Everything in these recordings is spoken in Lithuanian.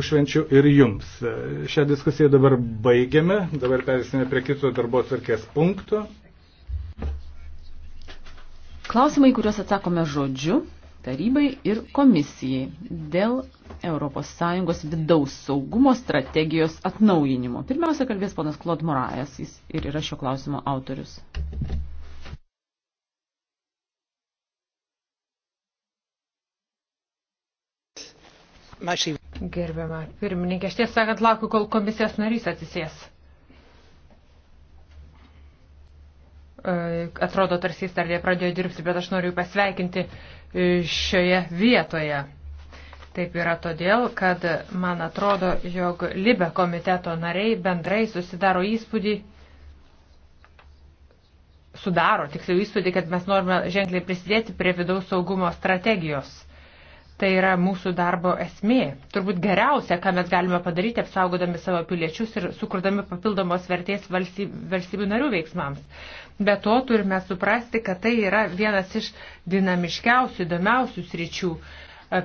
švenčių ir jums. Šią diskusiją dabar baigiame, dabar perėsime prie kito darbo atvarkės punkto. Klausimai, kuriuos atsakome žodžiu tarybai ir komisijai dėl ES vidaus saugumo strategijos atnaujinimo. Pirmiausia, kalbės ponas Klod Morajas, jis ir yra šio klausimo autorius. Mašyvė. Gerbiama pirmininkė, aš tiesą sakant, laukiu, kol komisijos narys atsisės. E, atrodo, tarsi jis dar pradėjo dirbti, bet aš noriu jį pasveikinti e, šioje vietoje. Taip yra todėl, kad man atrodo, jog Libe komiteto nariai bendrai susidaro įspūdį, sudaro tiksliau įspūdį, kad mes norime ženkliai prisidėti prie vidaus saugumo strategijos Tai yra mūsų darbo esmė. Turbūt geriausia, ką mes galime padaryti, apsaugodami savo piliečius ir sukurdami papildomos vertės valstybių narių veiksmams. Be to turime suprasti, kad tai yra vienas iš dinamiškiausių, įdomiausių sričių.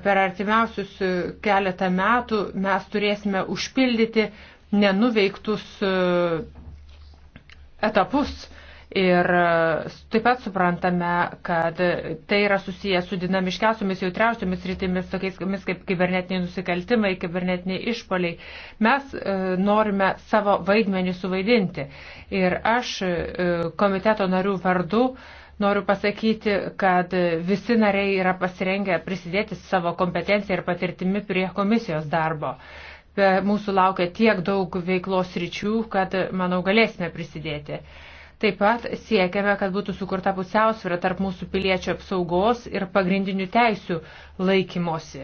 Per artimiausius e, keletą metų mes turėsime užpildyti nenuveiktus e, etapus Ir e, taip pat suprantame, kad tai yra susijęs su dinamiškiausiomis, jautriausiomis rytimis, tokiais kaip kibernetiniai nusikaltimai, kibernetiniai išpoliai. Mes e, norime savo vaidmenį suvaidinti. Ir aš e, komiteto narių vardu noriu pasakyti, kad visi nariai yra pasirengę prisidėti savo kompetenciją ir patirtimi prie komisijos darbo. Be mūsų laukia tiek daug veiklos ryčių, kad, manau, galėsime prisidėti. Taip pat siekiame, kad būtų sukurta pusiausvyrą tarp mūsų piliečių apsaugos ir pagrindinių teisių laikymosi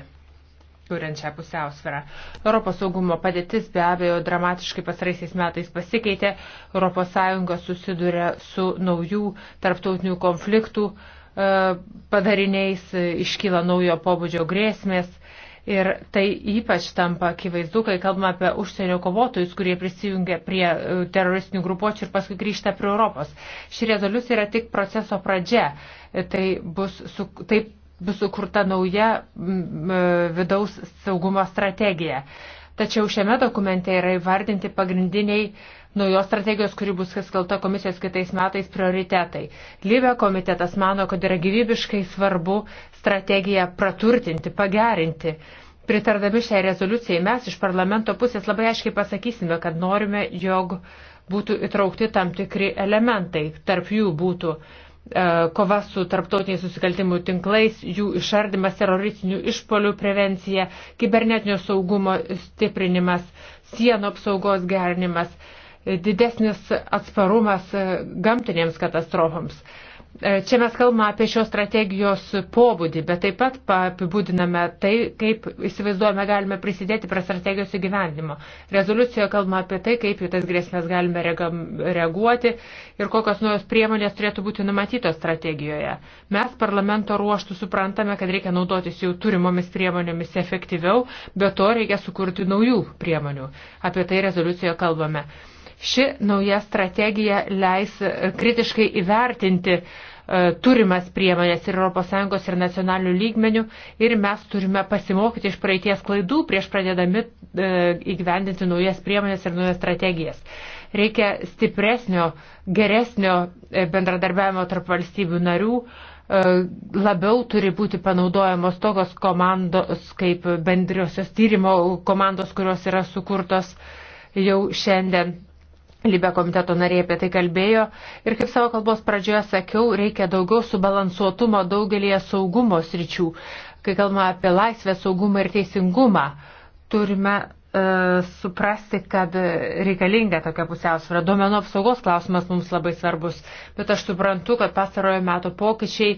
kuriant šią pusiausvyrą. Europos saugumo padėtis be abejo dramatiškai pasraisiais metais pasikeitė. ES susiduria su naujų tarptautinių konfliktų e, padariniais, iškyla naujo pobūdžio grėsmės Ir tai ypač tampa akivaizdu, kai kalbame apie užsienio kovotojus, kurie prisijungia prie e, teroristinių grupuočių ir paskui grįžta prie Europos. Ši rezoliucija yra tik proceso pradžia. Tai bus su, taip bus sukurta nauja vidaus saugumo strategija. Tačiau šiame dokumente yra įvardinti pagrindiniai uh, naujos strategijos, kuri bus skelta komisijos kitais metais prioritetai. Lybė komitetas mano, kad yra gyvybiškai svarbu strategiją praturtinti, pagerinti. Pritardami šiai rezoliucijai mes iš parlamento pusės labai aiškiai pasakysime, kad norime, jog būtų įtraukti tam tikri elementai. Tarp jų būtų e, kova su tarptautiniais susikaltimų tinklais, jų išardimas, teroristinių išpolių prevencija, kibernetinio saugumo stiprinimas, sienų apsaugos gerinimas, didesnis atsparumas gamtinėms katastrofams. E, čia mes kalbame apie šios strategijos pobūdį, bet taip pat apibūdiname tai, kaip įsivaizduojame galime prisidėti prie strategijos įgyvendimo. Rezoliucijoje kalbame apie tai, kaip į tas grėsmės galime reaguoti ir kokios naujos priemonės turėtų būti numatytos strategijoje. Mes parlamento ruoštų suprantame, kad reikia naudotis jau turimomis priemonėmis efektyviau, bet to reikia sukurti naujų priemonių. Apie tai rezoliucijoje kalbame. Ši nauja strategija leis e, kritiškai įvertinti e, turimas priemonės ir ES ir nacionalinių lygmenių ir mes turime pasimokyti iš praeities klaidų prieš pradėdami e, įgyvendinti naujas priemonės ir naujas strategijas. Reikia stipresnio, geresnio bendradarbiavimo tarp valstybių narių, labiau turi būti panaudojamos tokios komandos kaip bendriosios tyrimo komandos, kurios yra sukurtos jau šiandien Libė komiteto nariai apie tai kalbėjo ir kaip savo kalbos pradžioje sakiau, reikia daugiau subalansuotumo daugelėje saugumo sričių. Kai kalbame apie laisvę, saugumą ir teisingumą, turime e, suprasti, kad reikalinga tokia pusiausvėra. Duomenų apsaugos klausimas mums labai svarbus, bet aš suprantu, kad pastarojo meto pokyčiai e,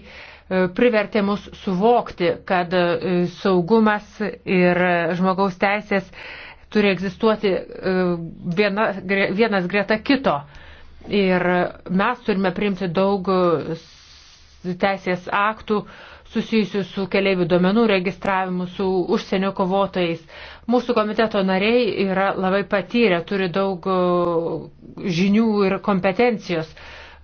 privertė mus suvokti, kad e, saugumas ir žmogaus teisės e, turi egzistuoti e, viena, vienas greta kito. Ir mes turime priimti daug e, teisės aktų susijusių su keliaivių duomenų registravimu, su užsienio kovotojais. Mūsų komiteto nariai yra labai patyrę, turi daug e, žinių ir kompetencijos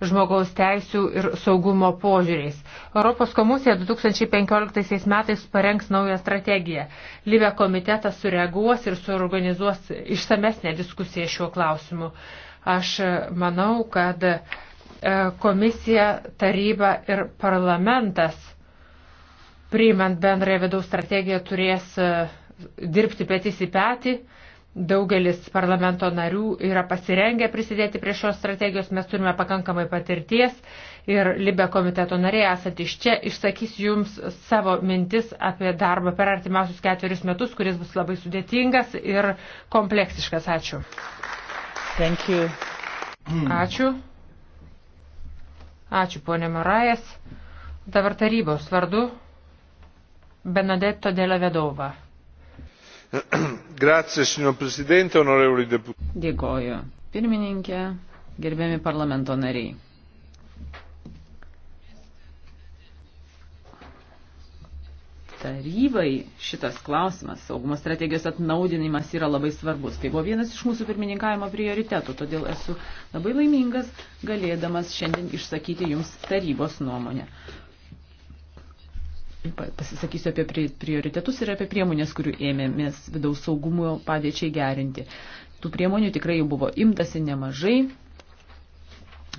žmogaus teisų ir saugumo požiūriais. Europos komisija 2015 metais parengs naują strategiją. Libė komitetas sureaguos ir suorganizuos išsamesnę diskusiją šiuo klausimu. Aš e, manau, kad e, komisija, taryba ir parlamentas, priimant bendrąją vidaus strategiją, turės e, dirbti petys į petį. Peti, Daugelis parlamento narių yra pasirengę prisidėti prie šios strategijos, mes turime pakankamai patirties ir Libe komiteto nariai esat iš čia, išsakys jums savo mintis apie darbą per artimiausius ketverius metus, kuris bus labai sudėtingas ir kompleksiškas. Ačiū. Thank you. Ačiū. Ačiū, ponė Marajas. Dabar tarybos vardu Benedetto Dėlė Vedova. signor presidente onorevoli deputati dėkoju pirmininke gerbiami parlamento nariai tarybai šitas klausimas saugumo strategijos atnaudinimas yra labai svarbus tai buvo vienas iš mūsų pirmininkavimo prioritetų todėl esu labai laimingas galėdamas šiandien išsakyti jums tarybos nuomonę pasisakysiu apie prioritetus ir apie priemonės, kurių ėmėmės vidaus saugumo padėčiai gerinti. Tų priemonių tikrai jau buvo imtasi nemažai.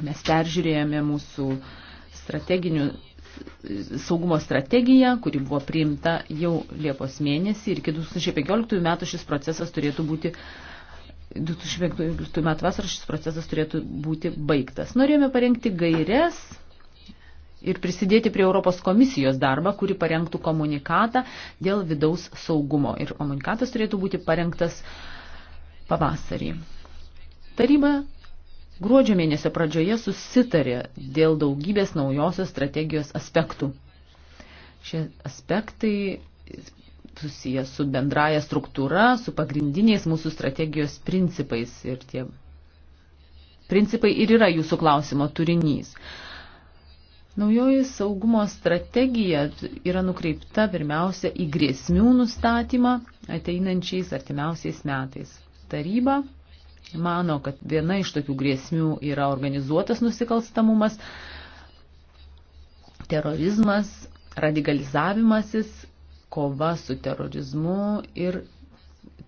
Mes peržiūrėjome mūsų strateginių saugumo strategiją, kuri buvo priimta jau Liepos mėnesį ir iki 2015 metų šis procesas turėtų būti 2015 metų vasarą šis procesas turėtų būti baigtas. Norėjome parengti gairias ir prisidėti prie Europos komisijos darbą, kuri parengtų komunikatą dėl vidaus saugumo. Ir komunikatas turėtų būti parengtas pavasarį. Taryba gruodžio mėnesio pradžioje susitarė dėl daugybės naujosios strategijos aspektų. Šie aspektai susijęs su bendraja struktūra, su pagrindiniais mūsų strategijos principais ir tie principai ir yra jūsų klausimo turinys. Naujoji saugumo strategija yra nukreipta pirmiausia į grėsmių nustatymą ateinančiais artimiausiais metais. Taryba mano, kad viena iš tokių grėsmių yra organizuotas nusikalstamumas, terorizmas, radikalizavimasis, kova su terorizmu ir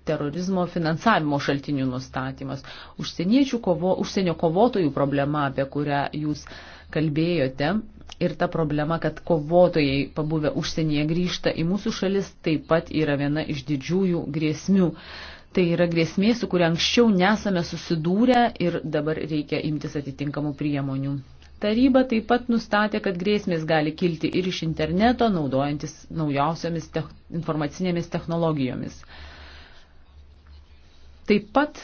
terorizmo finansavimo šaltinių nustatymas, užsieniečių kovo, užsienio kovotojų problema, apie kurią jūs kalbėjote, ir ta problema, kad kovotojai pabuvę užsienyje grįžta į mūsų šalis, taip pat yra viena iš didžiųjų grėsmių. Tai yra grėsmė, su kuria anksčiau nesame susidūrę ir dabar reikia imtis atitinkamų priemonių. Taryba taip pat nustatė, kad grėsmės gali kilti ir iš interneto, naudojantis naujausiamis te informacinėmis technologijomis. Taip pat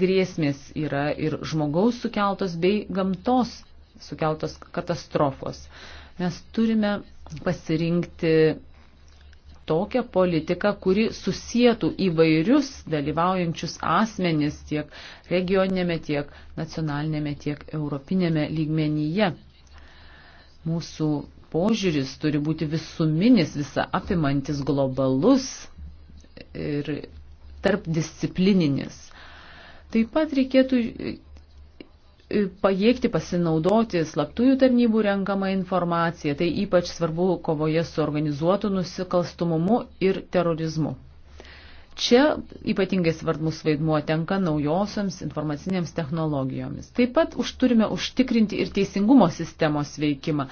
grėsmės yra ir žmogaus sukeltos bei gamtos sukeltos katastrofos. Mes turime pasirinkti tokią politiką, kuri susijėtų įvairius dalyvaujančius asmenis tiek regioninėme, tiek nacionalinėme, tiek europinėme lygmenyje. Mūsų požiūris turi būti visuminis, visa apimantis globalus ir tarpdisciplininis. Taip pat reikėtų e, pajėgti pasinaudoti slaptųjų tarnybų renkamą informaciją. Tai ypač svarbu kovoje su organizuotu nusikalstumumu ir terorizmu. Čia ypatingai svarbus vaidmuo tenka naujosiams informacinėms technologijomis. Taip pat už turime užtikrinti ir teisingumo sistemos veikimą.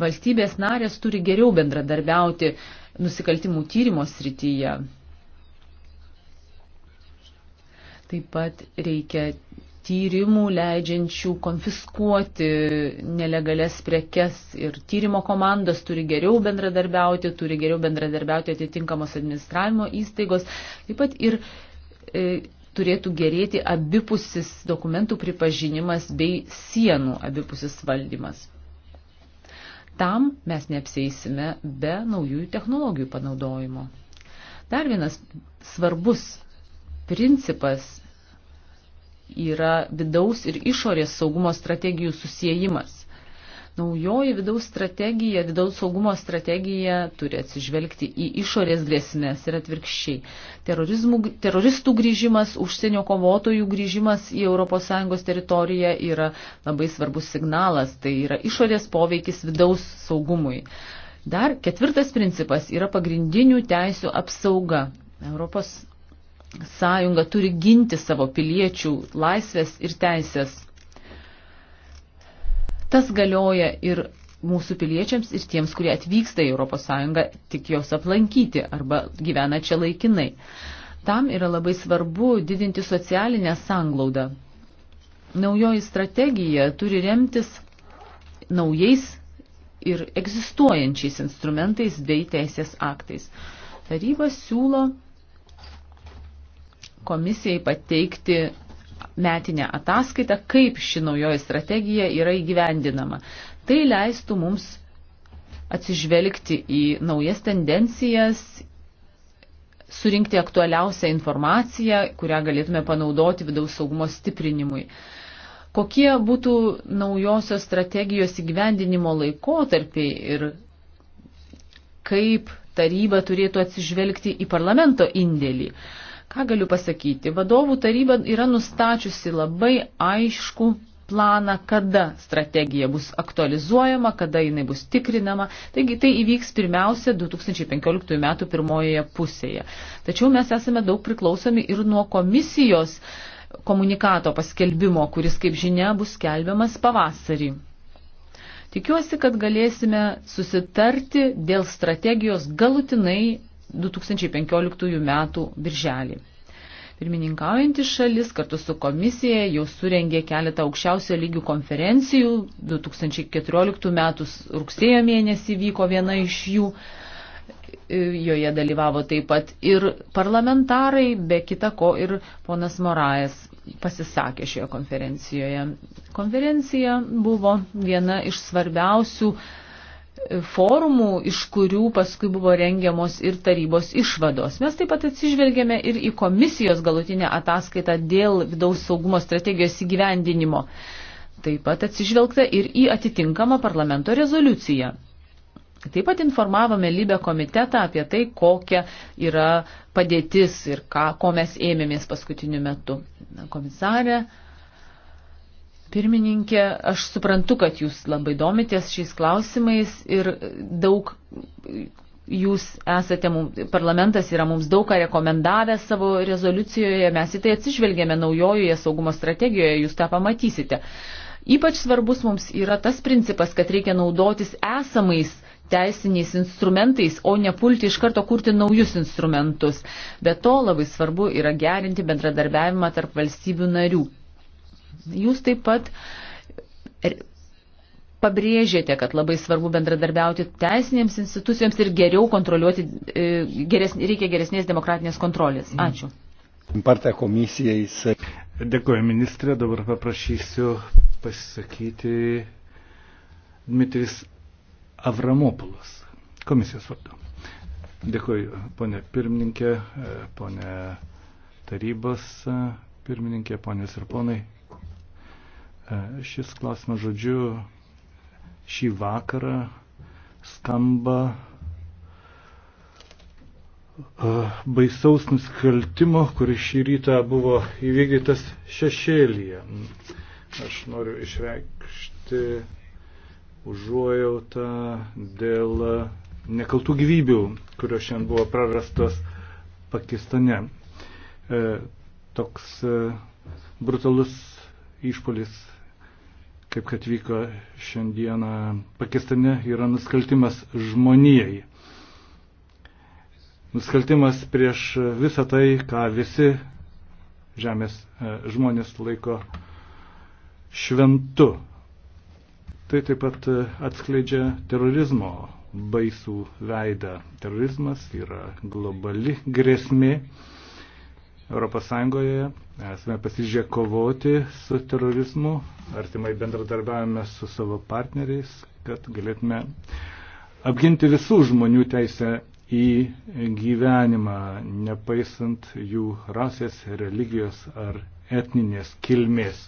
Valstybės narės turi geriau bendradarbiauti nusikaltimų tyrimo srityje. Taip pat reikia tyrimų leidžiančių konfiskuoti nelegales prekes ir tyrimo komandos turi geriau bendradarbiauti, turi geriau bendradarbiauti atitinkamos administravimo įstaigos. Taip pat ir e, turėtų gerėti abipusis dokumentų pripažinimas bei sienų abipusis valdymas. Tam mes neapsėsime be naujųjų technologijų panaudojimo. Dar vienas svarbus principas yra vidaus ir išorės saugumo strategijų susijimas. Naujoji vidaus strategija, vidaus saugumo strategija turi atsižvelgti į išorės grėsmės ir atvirkščiai. Teroristų grįžimas, užsienio kovotojų grįžimas į ES teritoriją yra labai svarbus signalas, tai yra išorės poveikis vidaus saugumui. Dar ketvirtas principas yra pagrindinių teisų apsauga. Europos sąjunga turi ginti savo piliečių laisvės ir teisės. Tas galioja ir mūsų piliečiams ir tiems, kurie atvyksta į ES tik jos aplankyti arba gyvena čia laikinai. Tam yra labai svarbu didinti socialinę sanglaudą. Naujoji strategija turi remtis naujais ir egzistuojančiais instrumentais bei teisės aktais. Taryba siūlo komisijai pateikti metinę ataskaitą, kaip ši naujoji strategija yra įgyvendinama. Tai leistų mums atsižvelgti į naujas tendencijas, surinkti aktualiausią informaciją, kurią galėtume panaudoti vidaus saugumo stiprinimui. Kokie būtų naujosios strategijos įgyvendinimo laikotarpiai ir kaip taryba turėtų atsižvelgti į parlamento indėlį. Uh, Ką galiu pasakyti? Vadovų taryba yra nustačiusi labai aišku planą, kada strategija bus aktualizuojama, kada jinai bus tikrinama. Taigi tai įvyks pirmiausia 2015 metų pirmojoje pusėje. Tačiau mes esame daug priklausomi ir nuo komisijos komunikato paskelbimo, kuris, kaip žinia, bus skelbiamas pavasarį. Tikiuosi, kad galėsime susitarti dėl strategijos galutinai 2015 metų birželį. Pirmininkaujantis šalis kartu su komisija jau surengė keletą aukščiausio lygių konferencijų. 2014 metų rugsėjo mėnesį vyko viena iš jų. E, joje dalyvavo taip pat ir parlamentarai, be kita ko ir ponas Moraes pasisakė šioje konferencijoje. Konferencija buvo viena iš svarbiausių uh, forumų, iš kurių paskui buvo rengiamos ir tarybos išvados. Mes taip pat atsižvelgėme ir į komisijos galutinę ataskaitą dėl vidaus saugumo strategijos įgyvendinimo. Taip pat atsižvelgta ir į atitinkamą parlamento rezoliuciją. Taip pat informavome Libę komitetą apie tai, kokia yra padėtis ir ką, ko mes ėmėmės paskutiniu metu. Komisarė, uh, Pirmininkė, aš suprantu, kad jūs labai domitės šiais klausimais ir daug jūs esate, mums, parlamentas yra mums daug ką rekomendavę savo rezoliucijoje, mes į tai atsižvelgėme naujojoje saugumo strategijoje, jūs tą pamatysite. Ypač svarbus mums yra tas principas, kad reikia naudotis esamais teisiniais instrumentais, o nepulti iš karto kurti naujus instrumentus. Be to labai svarbu yra gerinti bendradarbiavimą tarp valstybių narių. Jūs taip pat er, pabrėžėte, kad labai svarbu bendradarbiauti teisinėms institucijoms ir geriau kontroliuoti, e, geresnė, reikia geresnės demokratinės kontrolės. Mhm. Ačiū. Partą komisijai. Dėkuoju ministrė, dabar paprašysiu pasisakyti Dmitris Avramopulas, komisijos vardu. Dėkuoju, ponė pirmininkė, e, ponė tarybos e, pirmininkė, ponės ir ponai, E, šis klausimas žodžiu šį vakarą skamba e, baisaus nusikaltimo, kuris šį rytą buvo įvykdytas šešėlyje. Aš noriu išreikšti užuojautą dėl nekaltų gyvybių, kurios šiandien buvo prarastos Pakistane. E, toks e, brutalus išpolis kaip kad vyko šiandieną Pakistane, yra nusikaltimas žmonijai. Nusikaltimas prieš visą tai, ką visi žemės e, žmonės laiko šventu. Tai taip pat e, atskleidžia terorizmo baisų veidą. Terorizmas yra globali grėsmė ES esame pasižę kovoti su terorizmu, artimai bendradarbiavame su savo partneriais, kad galėtume apginti visų žmonių teisę į gyvenimą, nepaisant jų rasės, religijos ar etninės kilmės.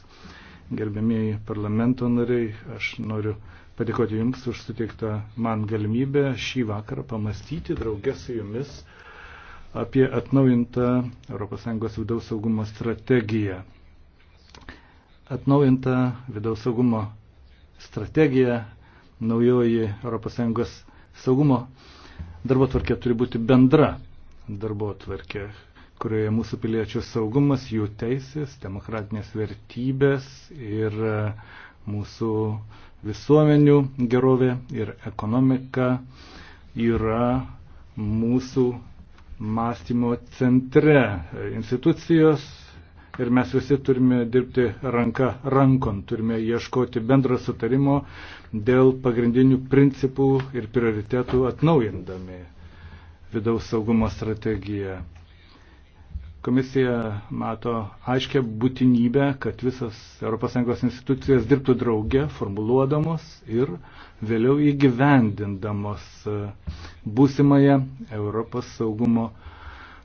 Gerbėmiai parlamento nariai, aš noriu padėkoti Jums už suteiktą man galimybę šį vakarą pamastyti draugę su Jumis apie atnaujintą ES vidaus saugumo strategiją. Atnaujinta vidaus saugumo strategija, naujoji ES saugumo darbo tvarkė turi būti bendra darbo tvarkė, kurioje mūsų piliečių saugumas, jų teisės, demokratinės vertybės ir e, mūsų visuomenių gerovė ir ekonomika yra mūsų mąstymo centre. Institucijos ir mes visi turime dirbti ranka rankon, turime ieškoti bendro sutarimo dėl pagrindinių principų ir prioritetų atnaujindami vidaus saugumo strategiją. Komisija mato aiškę būtinybę, kad visas ES institucijas dirbtų drauge, formuluodamos ir vėliau įgyvendindamos e, būsimąją Europos saugumo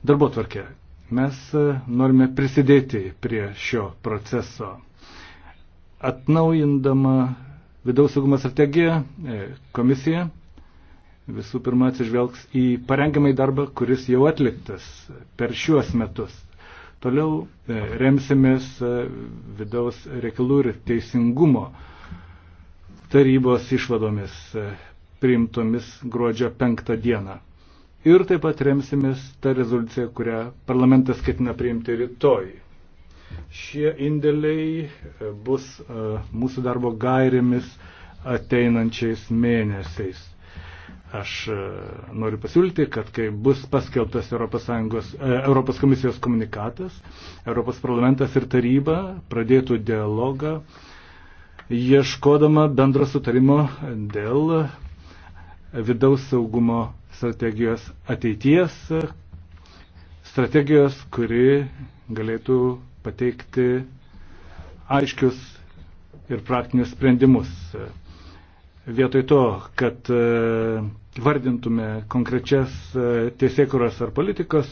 darbo tvarkę. Mes e, norime prisidėti prie šio proceso. Atnaujindama vidaus saugumo strategiją, e, komisija visų pirma atsižvelgs į parengiamai darbą, kuris jau atliktas per šiuos metus. Toliau e, remsimės e, vidaus reikalų ir teisingumo tarybos išvadomis e, priimtomis gruodžio penktą dieną. Ir taip pat remsimės tą rezoliuciją, kurią parlamentas ketina priimti rytoj. Šie indėliai bus mūsų darbo gairėmis ateinančiais mėnesiais. Aš e, noriu pasiūlyti, kad kai bus paskelbtas ES, e, Europos komisijos komunikatas, Europos parlamentas ir taryba pradėtų dialogą ieškodama bendro sutarimo dėl vidaus saugumo strategijos ateities, strategijos, kuri galėtų pateikti aiškius ir praktinius sprendimus. Vietoj to, kad e, vardintume konkrečias e, tiesiekuros ar politikos.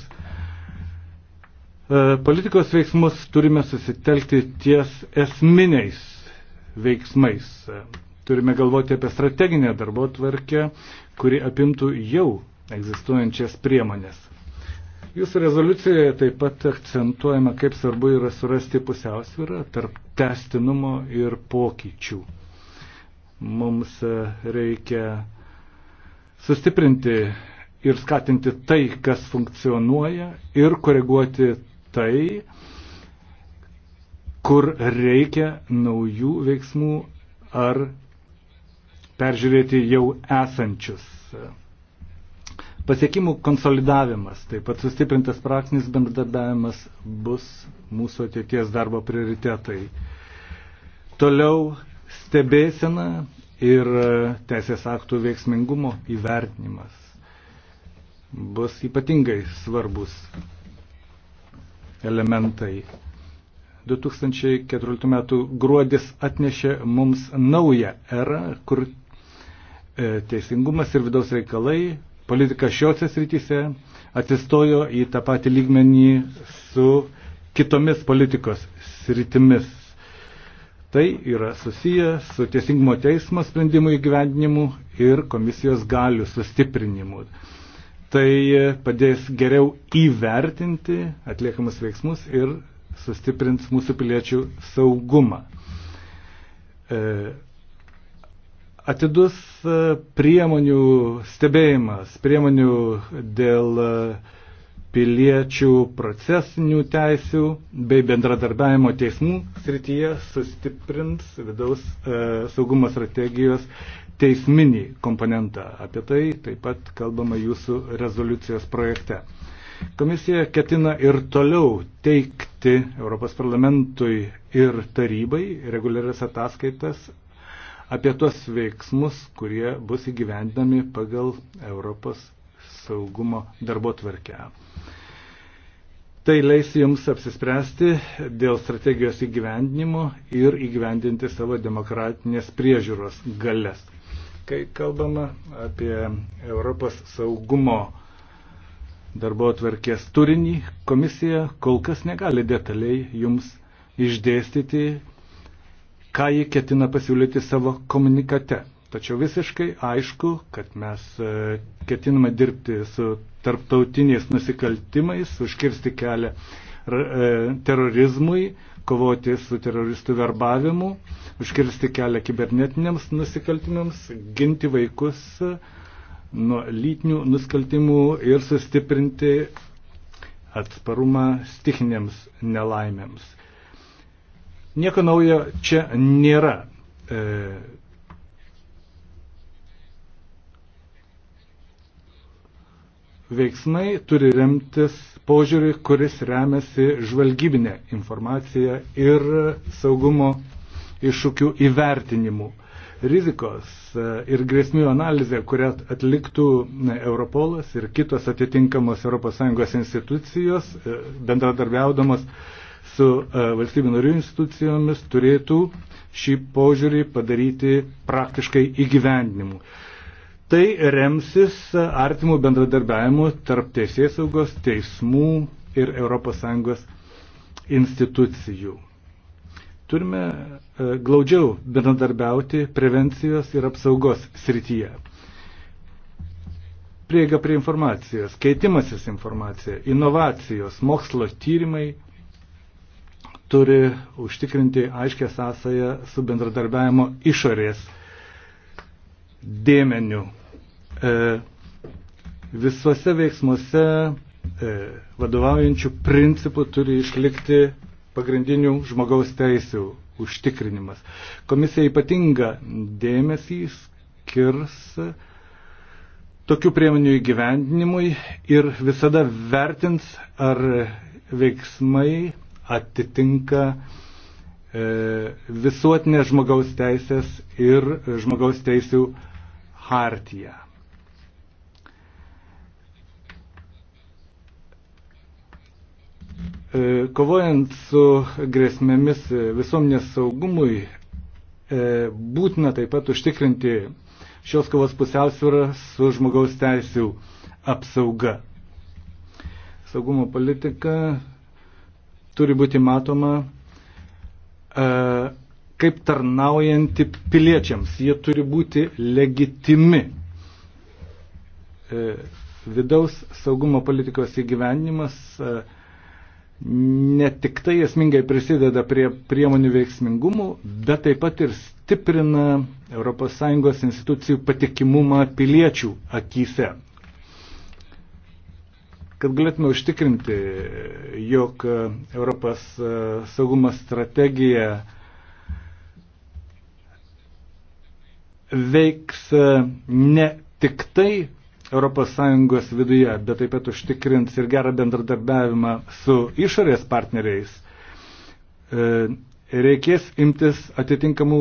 E, politikos veiksmus turime susitelkti ties esminiais veiksmais. Turime galvoti apie strateginę darbo tvarkę, kuri apimtų jau egzistuojančias priemonės. Jūsų rezoliucijoje taip pat akcentuojama, kaip svarbu yra surasti pusiausvyrą tarp testinumo ir pokyčių. Mums e, reikia sustiprinti ir skatinti tai, kas funkcionuoja ir koreguoti tai, kur reikia naujų veiksmų ar peržiūrėti jau esančius. Pasiekimų konsolidavimas, taip pat sustiprintas praktinis bendradarbiavimas bus mūsų ateities darbo prioritetai. Toliau stebėsena ir e, teisės aktų veiksmingumo įvertinimas bus ypatingai svarbus elementai. 2014 m. gruodis atnešė mums naują erą, kur e, teisingumas ir vidaus reikalai, politika šiose srityse atsistojo į tą patį lygmenį su kitomis politikos sritimis. Tai yra susiję su Teisingumo teismo sprendimų įgyvendinimu ir komisijos galių sustiprinimu. Tai padės geriau įvertinti atliekamus veiksmus ir sustiprins mūsų piliečių saugumą. E, atidus e, priemonių stebėjimas, priemonių dėl uh, piliečių procesinių teisių bei bendradarbiavimo teismų srityje sustiprins vidaus e, saugumo strategijos teisminį komponentą. Apie tai taip pat kalbama jūsų rezoliucijos projekte. Komisija ketina ir toliau teikti Europos parlamentui ir tarybai reguliarias ataskaitas apie tuos veiksmus, kurie bus įgyvendinami pagal Europos saugumo darbo tvarkę. Tai leis jums apsispręsti dėl strategijos įgyvendinimo ir įgyvendinti savo demokratinės priežiūros galės. Kai kalbama apie Europos saugumo darbo atverkės turinį, komisija kol kas negali detaliai jums išdėstyti, ką ji ketina pasiūlyti savo komunikate. Tačiau visiškai aišku, kad mes e, ketiname dirbti su tarptautiniais nusikaltimais, užkirsti kelią e, terorizmui, kovoti su teroristų verbavimu, užkirsti kelią kibernetiniams nusikaltimams, ginti vaikus e, nuo lytinių nusikaltimų ir sustiprinti atsparumą stichinėms nelaimėms. Nieko naujo čia nėra. E, veiksmai turi remtis požiūrį, kuris remiasi žvalgybinė informacija ir saugumo iššūkių įvertinimu. Rizikos e, ir grėsmių analizė, kurią atliktų e, Europolas ir kitos atitinkamos ES institucijos, e, bendradarbiaudamas su valstybių narių institucijomis, turėtų šį požiūrį padaryti praktiškai įgyvendinimu. Tai remsis artimų bendradarbiavimų tarp teisėsaugos, teismų ir ES institucijų. Turime e, glaudžiau bendradarbiauti prevencijos ir apsaugos srityje. Prieiga prie informacijos, keitimasis informacija, inovacijos, mokslo tyrimai turi užtikrinti aiškę sąsają su bendradarbiavimo išorės dėmeniu. E, visuose veiksmuose e, vadovaujančių principų turi išlikti pagrindinių žmogaus teisių užtikrinimas. Komisija ypatinga dėmesį skirs tokių priemonių įgyvendinimui ir visada vertins, ar veiksmai atitinka e, visuotinės žmogaus teisės ir žmogaus teisių hartiją. E, kovojant su grėsmėmis visuomenės saugumui, e, būtina taip pat užtikrinti šios kovos pusiausvyrą su žmogaus teisų apsauga. Saugumo politika turi būti matoma e, kaip tarnaujanti piliečiams. Jie turi būti legitimi. Vidaus saugumo politikos įgyvenimas ne tik tai esmingai prisideda prie priemonių veiksmingumų, bet taip pat ir stiprina ES institucijų patikimumą piliečių akise. Kad galėtume užtikrinti, jog Europos saugumo strategija veiks ne tik tai ES viduje, bet taip pat užtikrins ir gerą bendradarbiavimą su išorės partneriais, e, reikės imtis atitinkamų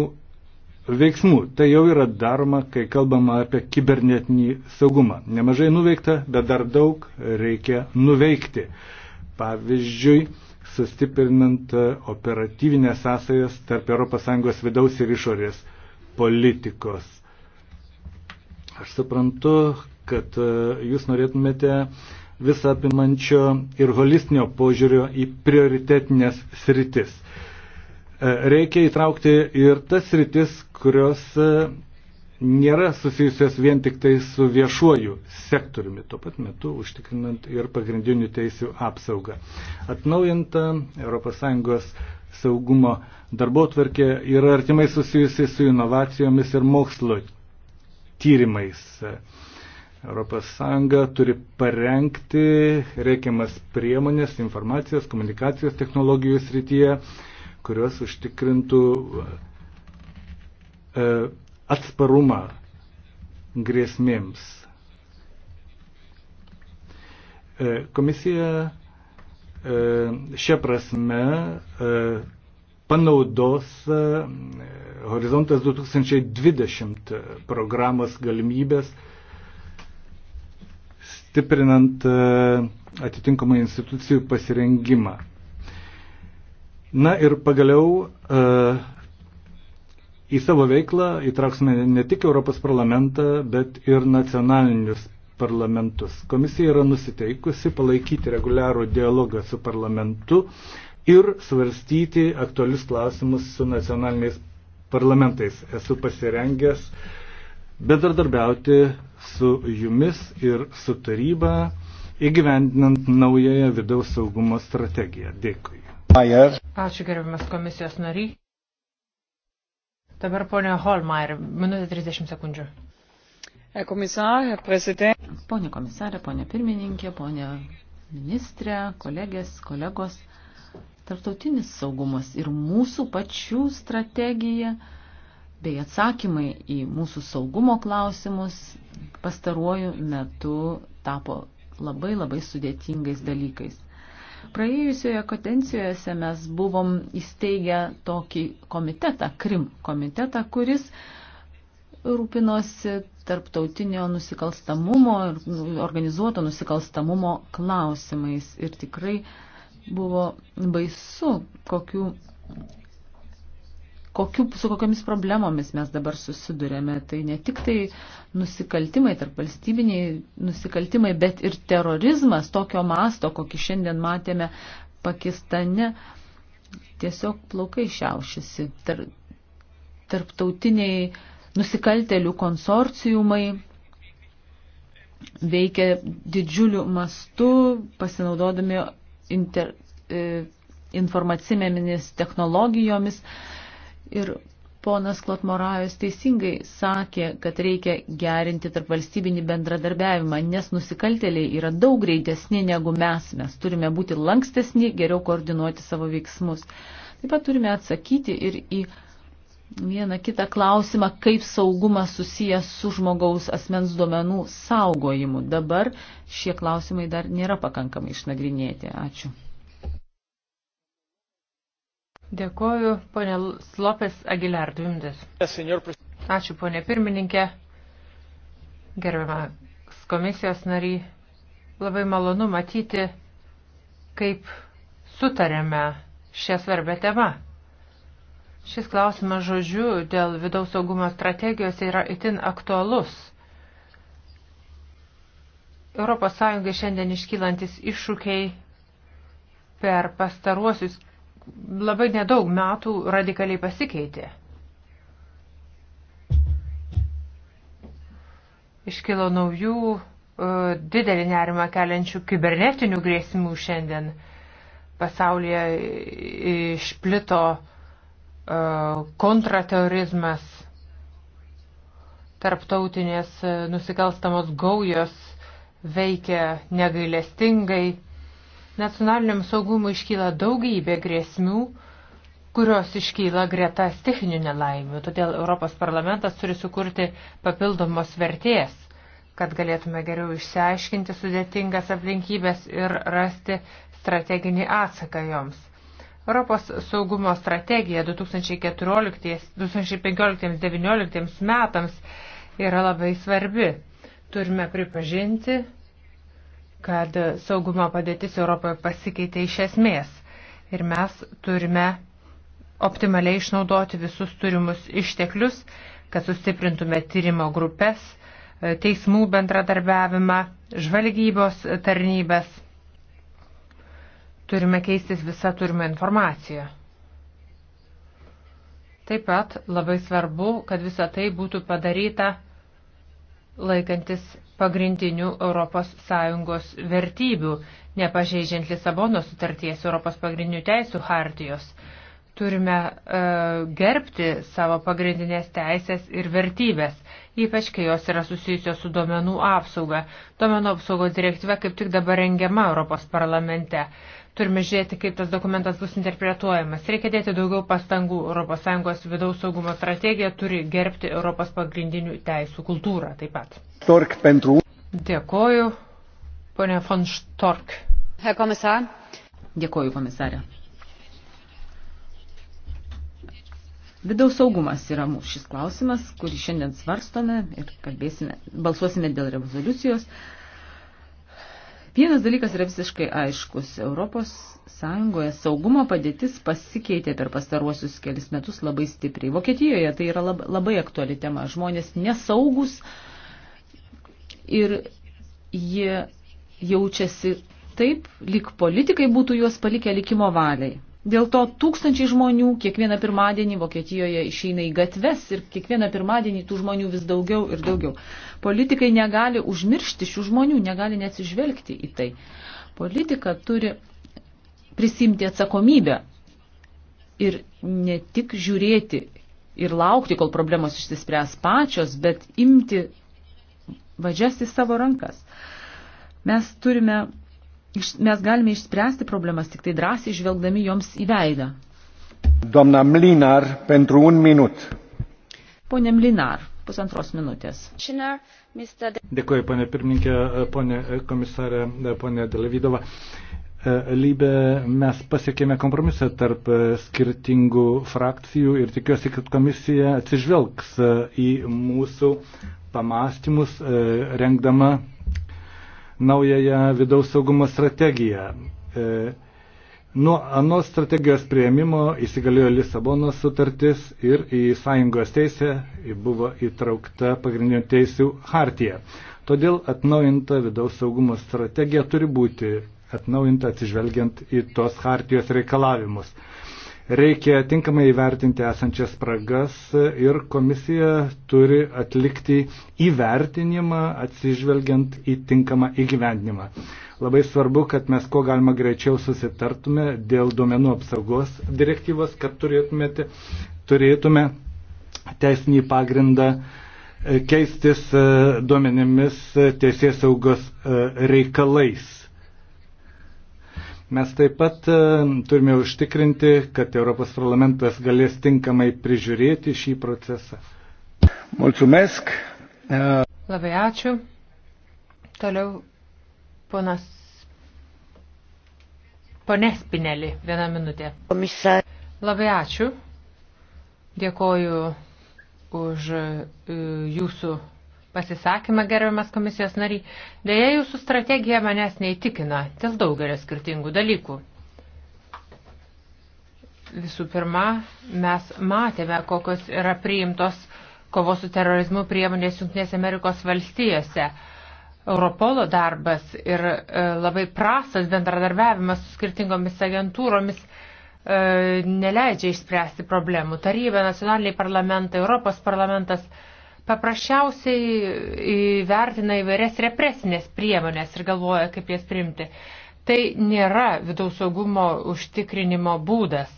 veiksmų. Tai jau yra daroma, kai kalbama apie kibernetinį saugumą. Nemažai nuveikta, bet dar daug reikia nuveikti. Pavyzdžiui, sustiprinant operatyvinės sąsajas tarp ES vidaus ir išorės politikos. Aš suprantu, kad e, jūs norėtumėte visą apimančio ir holistinio požiūrio į prioritetinės sritis. E, reikia įtraukti ir tas sritis, kurios e, nėra susijusios vien tik tai su viešuoju sektoriumi, tuo pat metu užtikrinant ir pagrindinių teisių apsaugą. Atnaujinta ES saugumo darbotvarkė yra artimai susijusi su inovacijomis ir mokslo tyrimais. ES turi parengti reikiamas priemonės informacijos, komunikacijos technologijų srityje, kurios užtikrintų e, atsparumą grėsmėms. E, komisija e, šią prasme panaudos Horizontas 2020 programos galimybės stiprinant e, atitinkamą institucijų pasirengimą. Na ir pagaliau e, į savo veiklą įtrauksime ne tik Europos parlamentą, bet ir nacionalinius parlamentus. Komisija yra nusiteikusi palaikyti reguliarų dialogą su parlamentu ir svarstyti aktualius klausimus su nacionaliniais parlamentais. Esu pasirengęs bedardarbiauti su jumis ir su taryba įgyvendinant naująją vidaus saugumo strategiją. Dėkui. Ačiū gerbiamas komisijos nariai. Dabar ponia Holmeier, minutė 30 sekundžių. Komisarė, prezidentė. Pone komisarė, ponė pirmininkė, ponė ministrė, kolegės, kolegos. Tartautinis saugumas ir mūsų pačių strategija bei atsakymai į mūsų saugumo klausimus pastaruoju metu tapo labai labai sudėtingais dalykais. Praėjusioje kadencijose mes buvom įsteigę tokį komitetą, Krim komitetą, kuris rūpinosi tarptautinio nusikalstamumo ir organizuoto nusikalstamumo klausimais. Ir tikrai buvo baisu, kokiu kokiu, su kokiamis problemomis mes dabar susidurėme. Tai ne tik tai nusikaltimai, tarp valstybiniai nusikaltimai, bet ir terorizmas tokio masto, kokį šiandien matėme Pakistane, tiesiog plaukai šiaušiasi. Tar, tarptautiniai nusikaltelių konsorciumai veikia didžiuliu mastu, pasinaudodami inter, e, informacinėmis technologijomis Ir ponas Klotmorajus teisingai sakė, kad reikia gerinti tarp valstybinį bendradarbiavimą, nes nusikalteliai yra daug greitesni negu mes. Mes turime būti lankstesni, geriau koordinuoti savo veiksmus. Taip pat turime atsakyti ir į vieną kitą klausimą, kaip saugumas susijęs su žmogaus asmens duomenų saugojimu. Dabar šie klausimai dar nėra pakankamai išnagrinėti. Ačiū. Dėkoju, ponė Slopės Agilar, dvi minutės. Ačiū, ponė pirmininkė, gerbiamas komisijos nariai. Labai malonu matyti, kaip sutarėme šią svarbę temą. Šis klausimas žodžiu dėl vidaus saugumo strategijos yra itin aktualus. ES šiandien iškylantis iššūkiai per pastaruosius labai nedaug metų radikaliai pasikeitė. Iškilo naujų e, didelį nerimą keliančių kibernetinių grėsimų šiandien. Pasaulyje išplito e, kontraterorizmas, tarptautinės e, nusikalstamos gaujos veikia negailestingai nacionaliniam saugumui iškyla daugybė grėsmių, kurios iškyla greta stichinių nelaimių. Todėl Europos parlamentas turi sukurti papildomos vertės, kad galėtume geriau išsiaiškinti sudėtingas aplinkybės ir rasti strateginį atsaką joms. Europos saugumo strategija 2014-2015-2019 metams yra labai svarbi. Turime pripažinti, kad saugumo padėtis Europoje pasikeitė iš esmės ir mes turime optimaliai išnaudoti visus turimus išteklius, kad sustiprintume tyrimo grupės, teismų bendradarbiavimą, žvalgybos tarnybės. Turime keistis visą turimą informaciją. Taip pat labai svarbu, kad visa tai būtų padaryta laikantis pagrindinių ES vertybių, nepažeidžiant Lisabono sutarties Europos pagrindinių teisų hartijos. Turime e, gerbti savo pagrindinės teisės ir vertybės, ypač kai jos yra susijusios su duomenų apsauga. Duomenų apsaugos direktyva kaip tik dabar rengiama Europos parlamente. E, Turime žiūrėti, kaip tas dokumentas bus interpretuojamas. Reikia dėti daugiau pastangų. ES vidaus saugumo strategija turi gerbti Europos pagrindinių teisų kultūrą taip pat. Stork pentru. Dėkoju, ponė von Stork. Herr Kommissar. Dėkoju, komisarė. Vidaus saugumas yra mūsų šis klausimas, kurį šiandien svarstome ir kalbėsime, balsuosime dėl rezoliucijos. Vienas dalykas yra visiškai aiškus. Europos Sąjungoje saugumo padėtis pasikeitė per pastaruosius kelis metus labai stipriai. Vokietijoje tai yra labai aktuali tema. Žmonės nesaugus ir jie jaučiasi taip, lyg politikai būtų juos palikę likimo valiai. Dėl to tūkstančiai žmonių kiekvieną pirmadienį Vokietijoje išeina į gatves ir kiekvieną pirmadienį tų žmonių vis daugiau ir daugiau. Politikai negali užmiršti šių žmonių, negali neatsižvelgti į tai. Politika turi prisimti atsakomybę ir ne tik žiūrėti ir laukti, kol problemos išsispręs pačios, bet imti vadžias į savo rankas. Mes turime mes galime išspręsti problemas tik tai drąsiai žvelgdami joms į veidą. Domna Mlinar, pentru un minut. Pone Mlinar, pusantros minutės. Dėkuoju, ponė pirmininkė, ponė komisarė, ponė Delevydova. E, Lybė mes pasiekėme kompromisą tarp skirtingų frakcijų ir tikiuosi, kad komisija atsižvelgs į mūsų pamastymus, e, rengdama naująją vidaus saugumo strategiją. E, nuo anos strategijos prieimimo įsigalėjo Lisabonos sutartis ir į sąjungos teisę buvo įtraukta pagrindinių teisių hartija. Todėl atnaujinta vidaus saugumo strategija turi būti atnaujinta atsižvelgiant į tos hartijos reikalavimus. Reikia tinkamai įvertinti esančias spragas ir komisija turi atlikti įvertinimą atsižvelgiant į tinkamą įgyvendinimą. Labai svarbu, kad mes kuo galima greičiau susitartume dėl duomenų apsaugos direktyvos, kad turėtumėte, turėtume teisinį pagrindą e, keistis e, duomenimis e, teisės saugos reikalais Mes taip pat e, turime užtikrinti, kad Europos parlamentas galės tinkamai prižiūrėti šį procesą. Mulțumesc. E, Labai ačiū. Toliau ponas. Pone Spinelį, vieną minutę. Komisar. Labai ačiū. Dėkoju už e, jūsų pasisakymą, gerbiamas komisijos nariai. Deja, jūsų strategija manęs neįtikina dėl daugelio skirtingų dalykų. Visų pirma, mes matėme, kokios yra priimtos kovos su terorizmu priemonės Junktinės Amerikos valstijose. Europolo darbas ir e, labai prastas bendradarbiavimas su skirtingomis agentūromis e, neleidžia išspręsti problemų. Taryba, nacionaliniai parlamentai, Europos parlamentas. E, paprasčiausiai vertina įvairias represinės priemonės ir galvoja, kaip jas priimti. Tai nėra vidaus saugumo užtikrinimo būdas.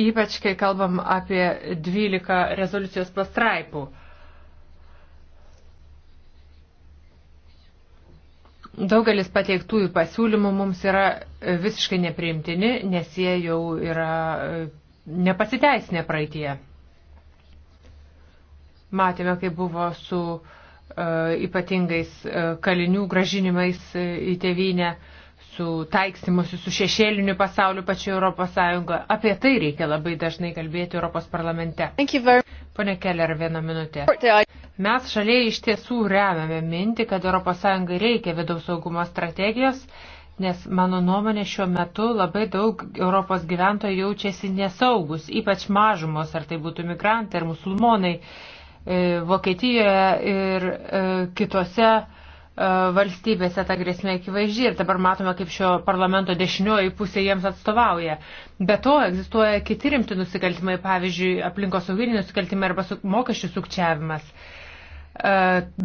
Ypač, kai kalbam apie 12 rezoliucijos pastraipų. Daugelis pateiktųjų pasiūlymų mums yra visiškai nepriimtini, nes jie jau yra nepasiteisinę praeitie. Matėme, kaip buvo su uh, ypatingais uh, kalinių gražinimais uh, į tėvynę, su taiksimusi su šešėliniu pasauliu pačioje Europos Sąjungoje. Apie tai reikia labai dažnai kalbėti Europos parlamente. Pone Keller, vieną minutę. Mes šaliai iš tiesų remiame mintį, kad ES reikia vidaus saugumo strategijos, nes mano nuomonė šiuo metu labai daug Europos gyventojų jaučiasi nesaugus, ypač mažumos, ar tai būtų migrantai ar musulmonai. E, Vokietijoje ir e, kitose e, valstybėse ta grėsmė akivaizdžiai ir dabar matome, kaip šio parlamento dešinioji pusė jiems atstovauja. Be to egzistuoja kiti rimti nusikaltimai, pavyzdžiui, aplinkosauginiai nusikaltimai arba mokesčių sukčiavimas.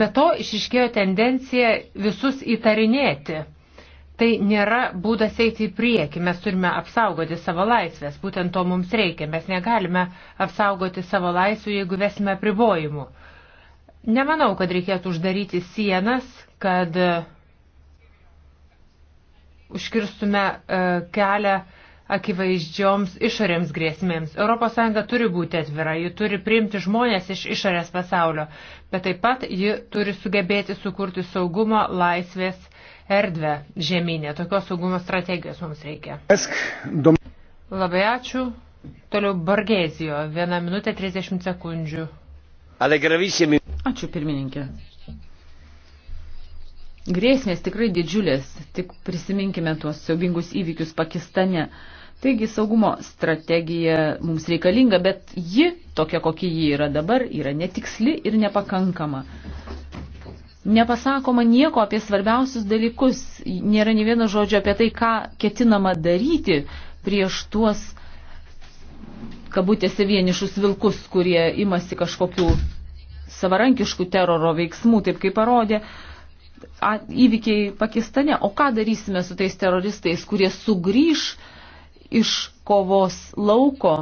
Be to išiškėjo tendencija visus įtarinėti. Tai nėra būdas eiti į priekį, mes turime apsaugoti savo laisvės, būtent to mums reikia, mes negalime apsaugoti savo laisvių, jeigu vesime pribojimų. Nemanau, kad reikėtų uždaryti sienas, kad e, užkirstume e, kelią akivaizdžioms išorėms grėsmėms. ES turi būti atvira, ji turi priimti žmonės iš išorės pasaulio, bet taip pat ji turi sugebėti sukurti saugumo, laisvės, erdvę žemynę. Tokios saugumo strategijos mums reikia. Labai ačiū. Toliau Bargezijo. Viena minutė 30 sekundžių. Ačiū pirmininkė. Grėsmės tikrai didžiulės, tik prisiminkime tuos siaubingus įvykius Pakistane. Taigi saugumo strategija mums reikalinga, bet ji, tokia kokia ji yra dabar, yra netiksli ir nepakankama. Nepasakoma nieko apie svarbiausius dalykus, nėra ne vieno žodžio apie tai, ką ketinama daryti prieš tuos, kabutėse, vienišus vilkus, kurie imasi kažkokių savarankiškų teroro veiksmų, taip kaip parodė įvykiai Pakistane. O ką darysime su tais teroristais, kurie sugrįž iš kovos lauko,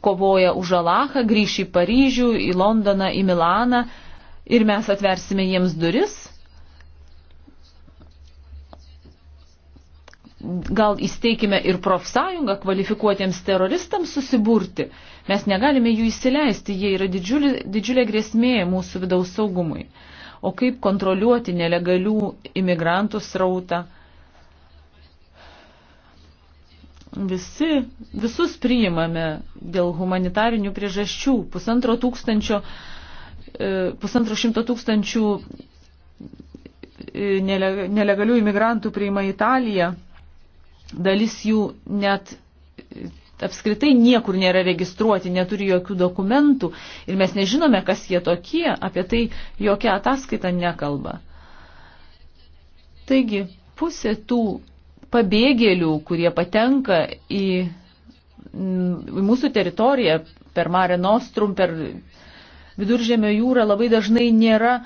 kovoja už Alachą, grįž į Paryžių, į Londoną, į Milaną ir mes atversime jiems duris. Gal įsteikime ir profsąjungą kvalifikuotiems teroristams susiburti. Mes negalime jų įsileisti, jie yra didžiulė, didžiulė grėsmė mūsų vidaus saugumui. O kaip kontroliuoti nelegalių imigrantų srautą? visi, visus priimame dėl humanitarinių priežasčių. Pusantro tūkstančio E, pusantro šimto tūkstančių e, nelegalių imigrantų priima Italiją, dalis jų net apskritai niekur nėra registruoti, neturi jokių dokumentų ir mes nežinome, kas jie tokie, apie tai jokia ataskaita nekalba. Taigi, pusė tų pabėgėlių, kurie patenka į, į mūsų teritoriją per Mare Nostrum, per viduržėmio jūra labai dažnai nėra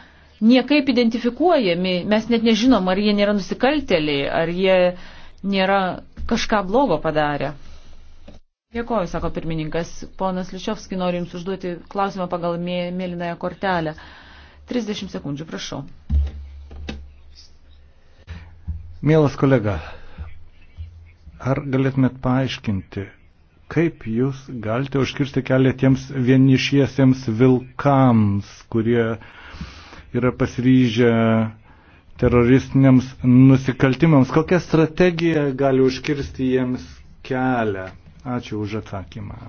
niekaip identifikuojami. Mes net nežinom, ar jie nėra nusikalteliai, ar jie nėra kažką blogo padarę. Dėkoju, sako pirmininkas. Ponas Lišiovski nori Jums užduoti klausimą pagal mėlynąją kortelę. 30 sekundžių, prašau. Mielas kolega, ar galėtumėt paaiškinti, Kaip jūs galite užkirsti kelią tiems vienišiesiems vilkams, kurie yra pasiryžę teroristiniams nusikaltimams? Kokią strategiją gali užkirsti jiems kelią? Ačiū už atsakymą.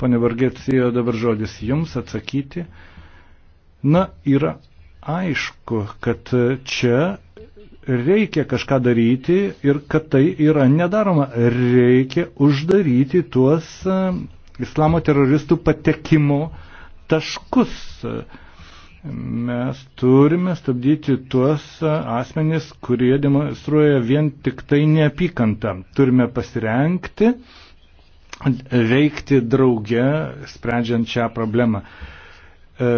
Pane Vargėcijo, dabar žodis jums atsakyti. Na, yra aišku, kad čia reikia kažką daryti ir kad tai yra nedaroma. Reikia uždaryti tuos e, islamo teroristų patekimo taškus. Mes turime stabdyti tuos e, asmenys, kurie demonstruoja vien tik tai neapykantą. Turime pasirenkti, veikti drauge, sprendžiant šią problemą. E,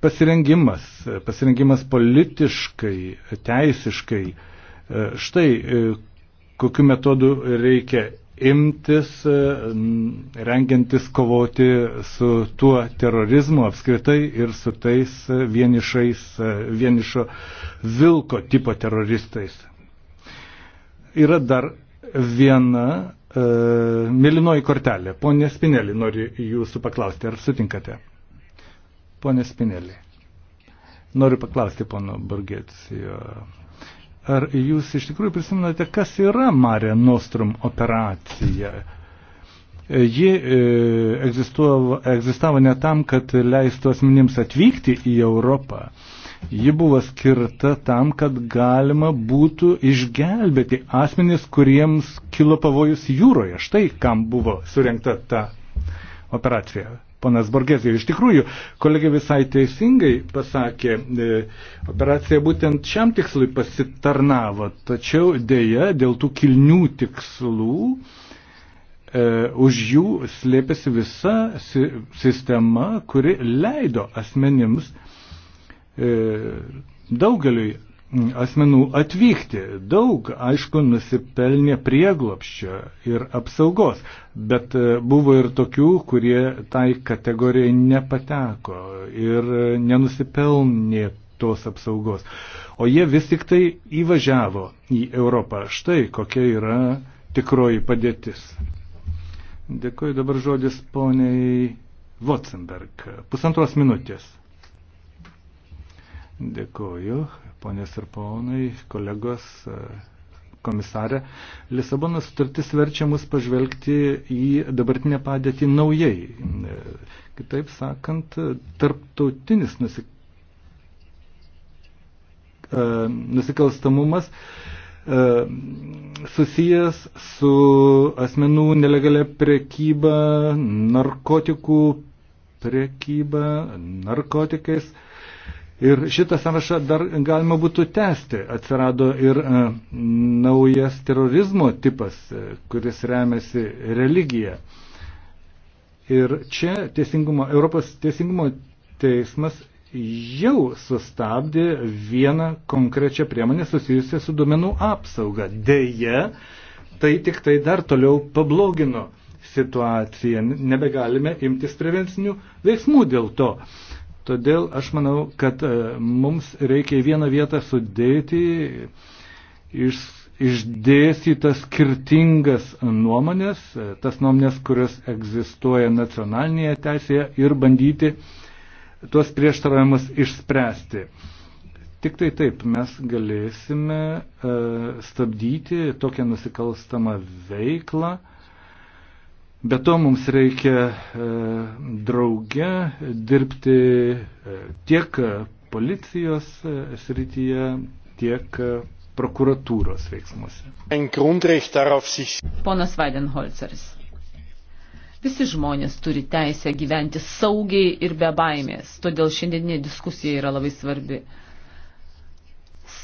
Pasirengimas, pasirengimas politiškai, teisiškai, e, štai e, kokiu metodu reikia imtis, e, rengiantis kovoti su tuo terorizmu apskritai ir su tais vienišais, vienišo vilko tipo teroristais. Yra dar viena e, mėlynoji kortelė. Pone Spinelį, noriu jūsų paklausti, ar sutinkate? Pone Spinelį, noriu paklausti pono Borgėcijo, ar jūs iš tikrųjų prisimenate, kas yra Mare Nostrum operacija? Ji e, egzistuo, egzistavo ne tam, kad leistų asmenims atvykti į Europą. Ji buvo skirta tam, kad galima būtų išgelbėti asmenys, kuriems kilo pavojus jūroje. Štai kam buvo surinkta ta operacija ponas Borgesijų. Iš tikrųjų, kolegė visai teisingai pasakė, e, operacija būtent šiam tikslui pasitarnavo, tačiau dėja dėl tų kilnių tikslų e, už jų slėpėsi visa sistema, kuri leido asmenims e, daugeliui asmenų atvykti. Daug, aišku, nusipelnė prieglopščio ir apsaugos, bet e, buvo ir tokių, kurie tai kategorijai nepateko ir e, nenusipelnė tos apsaugos. O jie vis tik tai įvažiavo į Europą. Štai kokia yra tikroji padėtis. Dėkuoju dabar žodis poniai Watsenberg. Pusantros minutės. Dėkuoju, ponės ir ponai, kolegos, e, komisarė. Lisabonos sutartis verčia mus pažvelgti į dabartinę padėtį naujai. E, kitaip sakant, tarptautinis nusik... E, nusikalstamumas susijęs su asmenų nelegalia prekyba, narkotikų prekyba, narkotikais Ir šitą sąrašą dar galima būtų tęsti. Atsirado ir e, naujas terorizmo tipas, e, kuris remiasi religija. Ir čia teisingumo, Europos teisingumo teismas jau sustabdė vieną konkrečią priemonę susijusią su duomenų apsauga. Deja, tai tik tai dar toliau pablogino situaciją. Nebegalime imtis prevencinių veiksmų dėl to. E, Todėl aš manau, kad e, mums reikia į vieną vietą sudėti iš, išdėstytas skirtingas nuomonės, e, tas nuomonės, kurios egzistuoja nacionalinėje teisėje ir bandyti tuos prieštaravimus išspręsti. Tik tai taip mes galėsime uh, stabdyti tokią nusikalstamą veiklą uh, Be to mums reikia e, drauge dirbti e, tiek policijos e, srityje, tiek prokuratūros veiksmuose. Ponas Vaidenholceris. Visi žmonės turi teisę gyventi saugiai ir be baimės, todėl šiandieninė diskusija yra labai svarbi.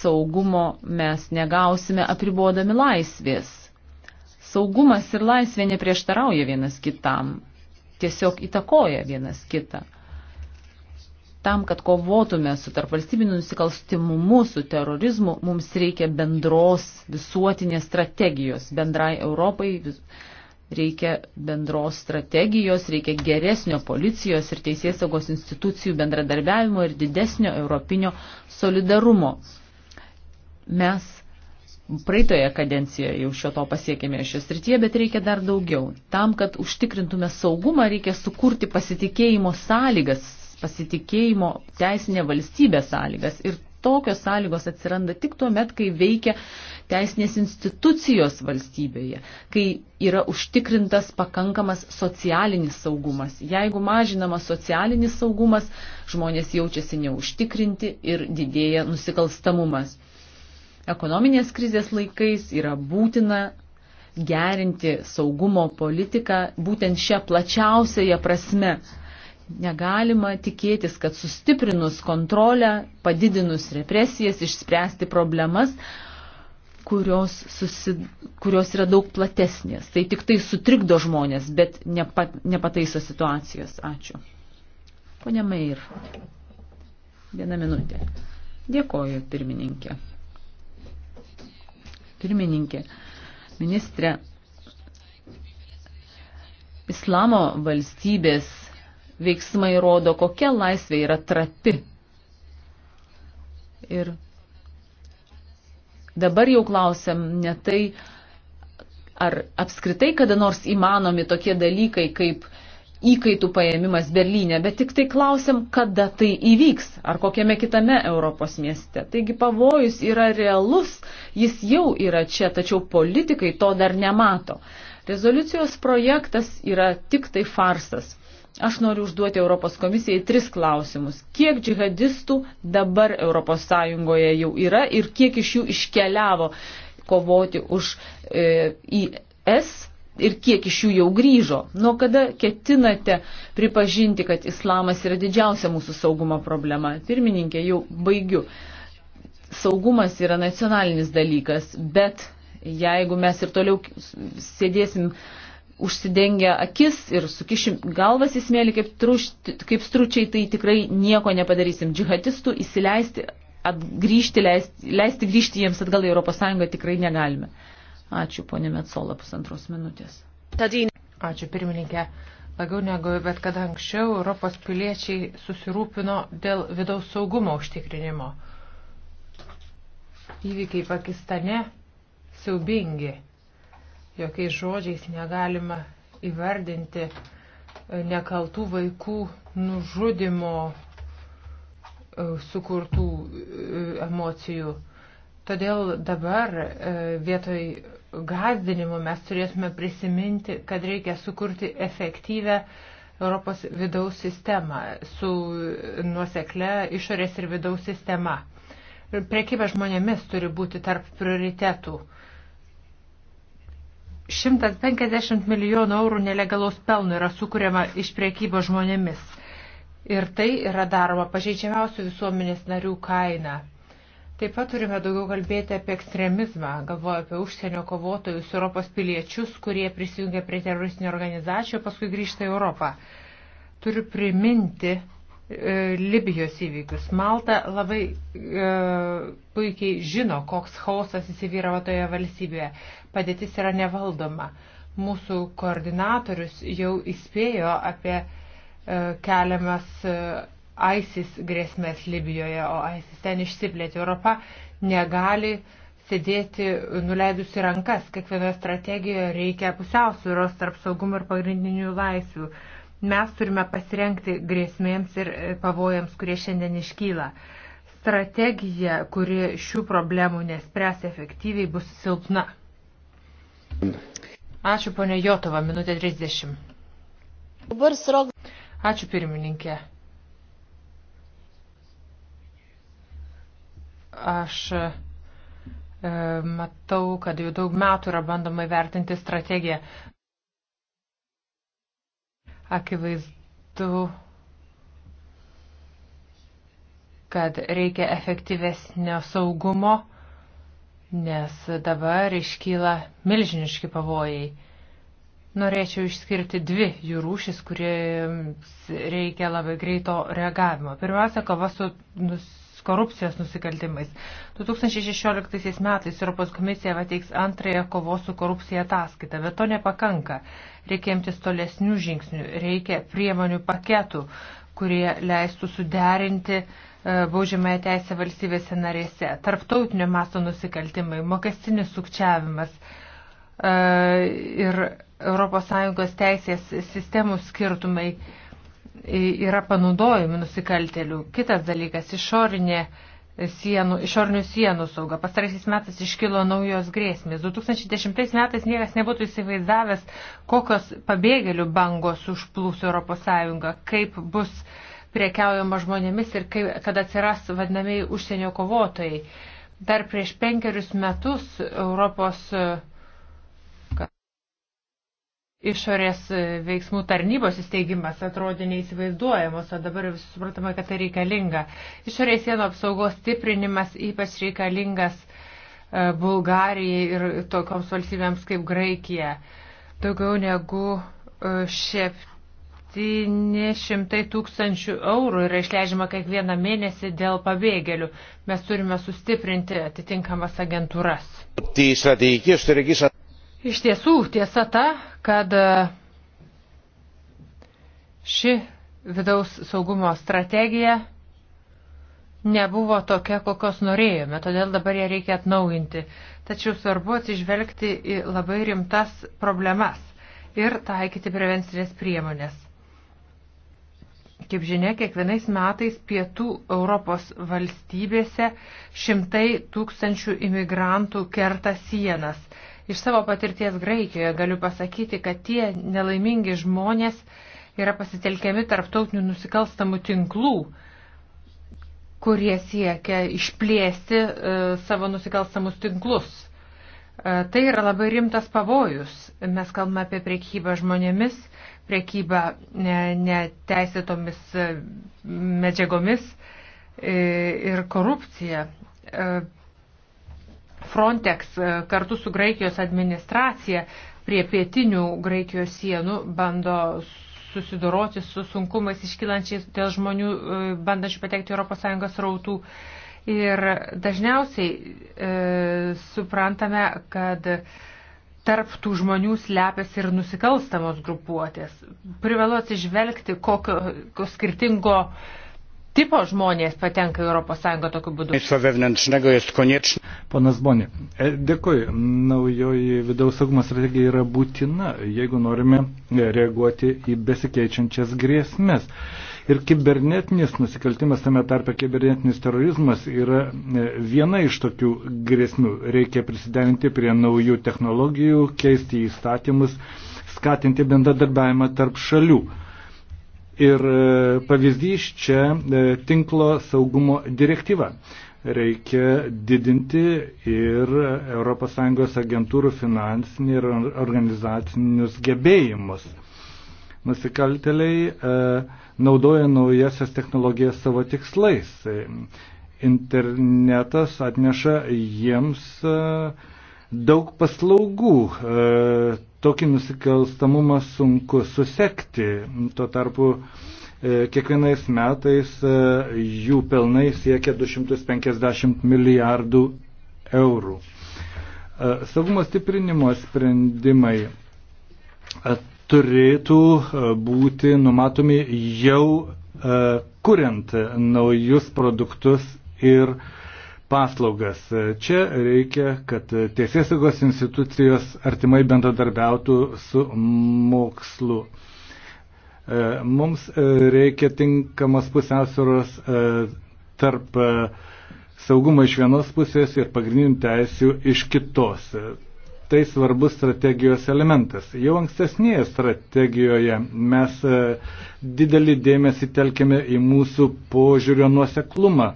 Saugumo mes negausime apribuodami laisvės Saugumas ir laisvė neprieštarauja vienas kitam, tiesiog įtakoja vienas kitą. Tam, kad kovotume su tarpvalstybiniu nusikalstimumu, su terorizmu, mums reikia bendros visuotinės strategijos, bendrai Europai reikia bendros strategijos, reikia geresnio policijos ir teisės saugos institucijų bendradarbiavimo ir didesnio europinio solidarumo. Mes Praeitoje kadencijoje jau šio to pasiekėme šios srityje, bet reikia dar daugiau. Tam, kad užtikrintume saugumą, reikia sukurti pasitikėjimo sąlygas, pasitikėjimo teisinė valstybė sąlygas. Ir tokios sąlygos atsiranda tik tuo met, kai veikia teisinės institucijos valstybėje, kai yra užtikrintas pakankamas socialinis saugumas. Jeigu mažinamas socialinis saugumas, žmonės jaučiasi neužtikrinti ir didėja nusikalstamumas ekonominės krizės laikais yra būtina gerinti saugumo politiką būtent šią plačiausiąją prasme. Negalima tikėtis, kad sustiprinus kontrolę, padidinus represijas, išspręsti problemas, kurios, susid... kurios yra daug platesnės. Tai tik tai sutrikdo žmonės, bet nepa... nepataiso situacijos. Ačiū. Pone Mair. Vieną minutę. Dėkoju, pirmininkė pirmininkė. Ministrė, islamo valstybės veiksmai rodo, kokia laisvė yra trapi. Ir dabar jau klausiam ne tai, ar apskritai kada nors įmanomi tokie dalykai kaip įkaitų paėmimas Berlyne, bet tik tai klausim, kada tai įvyks, ar kokiame kitame Europos mieste. Taigi pavojus yra realus, jis jau yra čia, tačiau politikai to dar nemato. Rezoliucijos projektas yra tik tai farsas. Aš noriu užduoti Europos komisijai tris klausimus. Kiek džihadistų dabar ES jau yra ir kiek iš jų iškeliavo kovoti už e, IS ir kiek iš jų jau grįžo? Nuo kada ketinate pripažinti, kad islamas yra didžiausia mūsų saugumo problema? Pirmininkė, jau baigiu. Saugumas yra nacionalinis dalykas, bet jeigu mes ir toliau sėdėsim užsidengę akis ir sukišim galvas į smėlį kaip, trušti, kaip stručiai, tai tikrai nieko nepadarysim. Džihadistų įsileisti, atgrįžti, leisti, leisti grįžti jiems atgal į ES tikrai negalime. Ačiū, ponė Metsola, pusantros minutės. Ačiū, pirmininkė. Labiau negu bet kada anksčiau Europos piliečiai susirūpino dėl vidaus saugumo užtikrinimo. Įvykiai Pakistane siaubingi. Jokiais žodžiais negalima įvardinti e, nekaltų vaikų nužudimo e, sukurtų e, emocijų. Todėl dabar vietoj gazdinimu mes turėtume prisiminti, kad reikia sukurti efektyvę Europos vidaus sistemą su nuosekle išorės ir vidaus sistema. Prekybė žmonėmis turi būti tarp prioritetų. 150 milijonų eurų nelegalaus pelno yra sukūriama iš priekybos žmonėmis. Ir tai yra daroma pažeidžiamiausių visuomenės narių kaina. Taip pat turime daugiau kalbėti apie ekstremizmą, galvoju apie užsienio kovotojus, Europos piliečius, kurie prisijungia prie teroristinių organizacijų, paskui grįžta į Europą. Turiu priminti e, Libijos įvykius. Malta labai e, puikiai žino, koks chaosas įsivyravo toje valstybėje. Padėtis yra nevaldoma. Mūsų koordinatorius jau įspėjo apie e, keliamas. E, ISIS grėsmės Libijoje, o ISIS ten išsiplėtė. Europa negali sėdėti nuleidusi rankas. Kiekvienoje strategijoje reikia pusiausvyros tarp saugumo ir pagrindinių laisvių. Mes turime pasirengti grėsmėms ir e, pavojams, kurie šiandien iškyla. Strategija, kuri šių problemų nespręs efektyviai, bus silpna. Ačiū, ponė Jotova, minutė 30. Ačiū, pirmininkė. Aš e, matau, kad jau daug metų yra bandoma įvertinti strategiją. Akivaizdu, kad reikia efektyvesnio saugumo, nes dabar iškyla milžiniški pavojai. Norėčiau išskirti dvi jų rūšis, kuriems reikia labai greito reagavimo. Pirmiausia, kova su nus korupcijos nusikaltimais. 2016 metais Europos komisija pateiks antrąją kovos su korupcija ataskaitą, bet to nepakanka. Reikia imtis tolesnių žingsnių, reikia priemonių paketų, kurie leistų suderinti e, baudžiamąją teisę valstybėse narėse. Tarptautinio masto nusikaltimai, mokestinis sukčiavimas e, ir ES teisės sistemų skirtumai yra panaudojami nusikaltelių. Kitas dalykas - išorinė sienų, išorinių sienų sauga. Pastaraisiais metais iškilo naujos grėsmės. 2010 metais niekas nebūtų įsivaizdavęs, kokios pabėgėlių bangos užplūs ES, kaip bus priekiaujama žmonėmis ir kaip, kad atsiras vadinamiai užsienio kovotojai. Dar prieš penkerius metus Europos uh, išorės e, veiksmų tarnybos įsteigimas atrodė neįsivaizduojamos, o dabar visi suprantama, kad tai reikalinga. Išorės sienų apsaugos stiprinimas ypač reikalingas e, Bulgarijai ir tokioms valstybėms kaip Graikija. Daugiau negu e, septyni šimtai tūkstančių eurų yra išleidžiama kiekvieną mėnesį dėl pabėgėlių. Mes turime sustiprinti atitinkamas agentūras. Iš tiesų, tiesa ta, kad e, ši vidaus saugumo strategija nebuvo tokia, kokios norėjome, todėl dabar ją reikia atnaujinti. Tačiau svarbu atsižvelgti į labai rimtas problemas ir taikyti prevencinės priemonės. Kaip žinia, kiekvienais metais pietų Europos valstybėse šimtai tūkstančių imigrantų kerta sienas Iš savo patirties Graikijoje galiu pasakyti, kad tie nelaimingi žmonės yra pasitelkiami tarptautinių nusikalstamų tinklų, kurie siekia išplėsti e, savo nusikalstamus tinklus. E, tai yra labai rimtas pavojus. Mes kalbame apie priekybą žmonėmis, priekybą neteisėtomis e, medžiagomis e, ir korupciją. E, Frontex e, kartu su Graikijos administracija prie pietinių Graikijos sienų bando susidoroti su sunkumais iškylančiais dėl žmonių e, bandančių patekti ES rautų. Ir dažniausiai e, suprantame, kad tarp tų žmonių slepiasi ir nusikalstamos grupuotės. Privalu atsižvelgti, kokio, kokio skirtingo e, tipo žmonės patenka į ES tokiu būdu. Ponas Bonė, e, dėkui. Naujoji vidaus saugumo strategija yra būtina, jeigu norime reaguoti į besikeičiančias grėsmės. Ir kibernetinis nusikaltimas, tame tarpe kibernetinis terorizmas, yra e, viena iš tokių grėsmių. Reikia prisidengti prie naujų technologijų, keisti įstatymus, skatinti bendradarbiavimą tarp šalių. Ir e, pavyzdys čia e, tinklo saugumo direktyva. Reikia didinti ir ES agentūrų finansinį ir organizacinius gebėjimus. Nusikalteliai e, naudoja naujasias technologijas savo tikslais. Internetas atneša jiems e, daug paslaugų. E, tokį nusikalstamumą sunku susekti. Tuo tarpu e, kiekvienais metais e, jų pelnai siekia 250 milijardų eurų. Saugumo stiprinimo sprendimai turėtų būti numatomi jau kuriant naujus produktus ir uh, paslaugas. Čia reikia, kad teisėsaugos institucijos artimai bendradarbiautų su mokslu. E, mums e, reikia tinkamas pusiausvėros e, tarp saugumo iš vienos pusės ir pagrindinių teisių iš kitos. Tai svarbus strategijos elementas. Jau ankstesnėje strategijoje mes didelį dėmesį telkėme į mūsų požiūrio nuoseklumą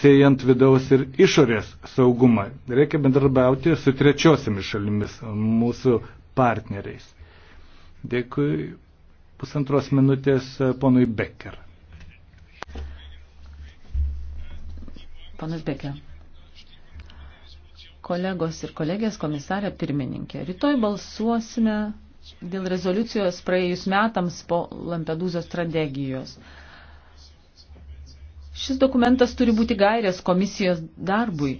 siejant vidaus ir išorės saugumą. Reikia bendradarbiauti su trečiosiamis šalimis, mūsų partneriais. Dėkui pusantros minutės e, ponui Becker. Ponas Becker. Kolegos ir kolegės komisarė pirmininkė, rytoj balsuosime dėl rezoliucijos praėjus metams po Lampedūzos strategijos. Šis dokumentas turi būti gairės komisijos darbui.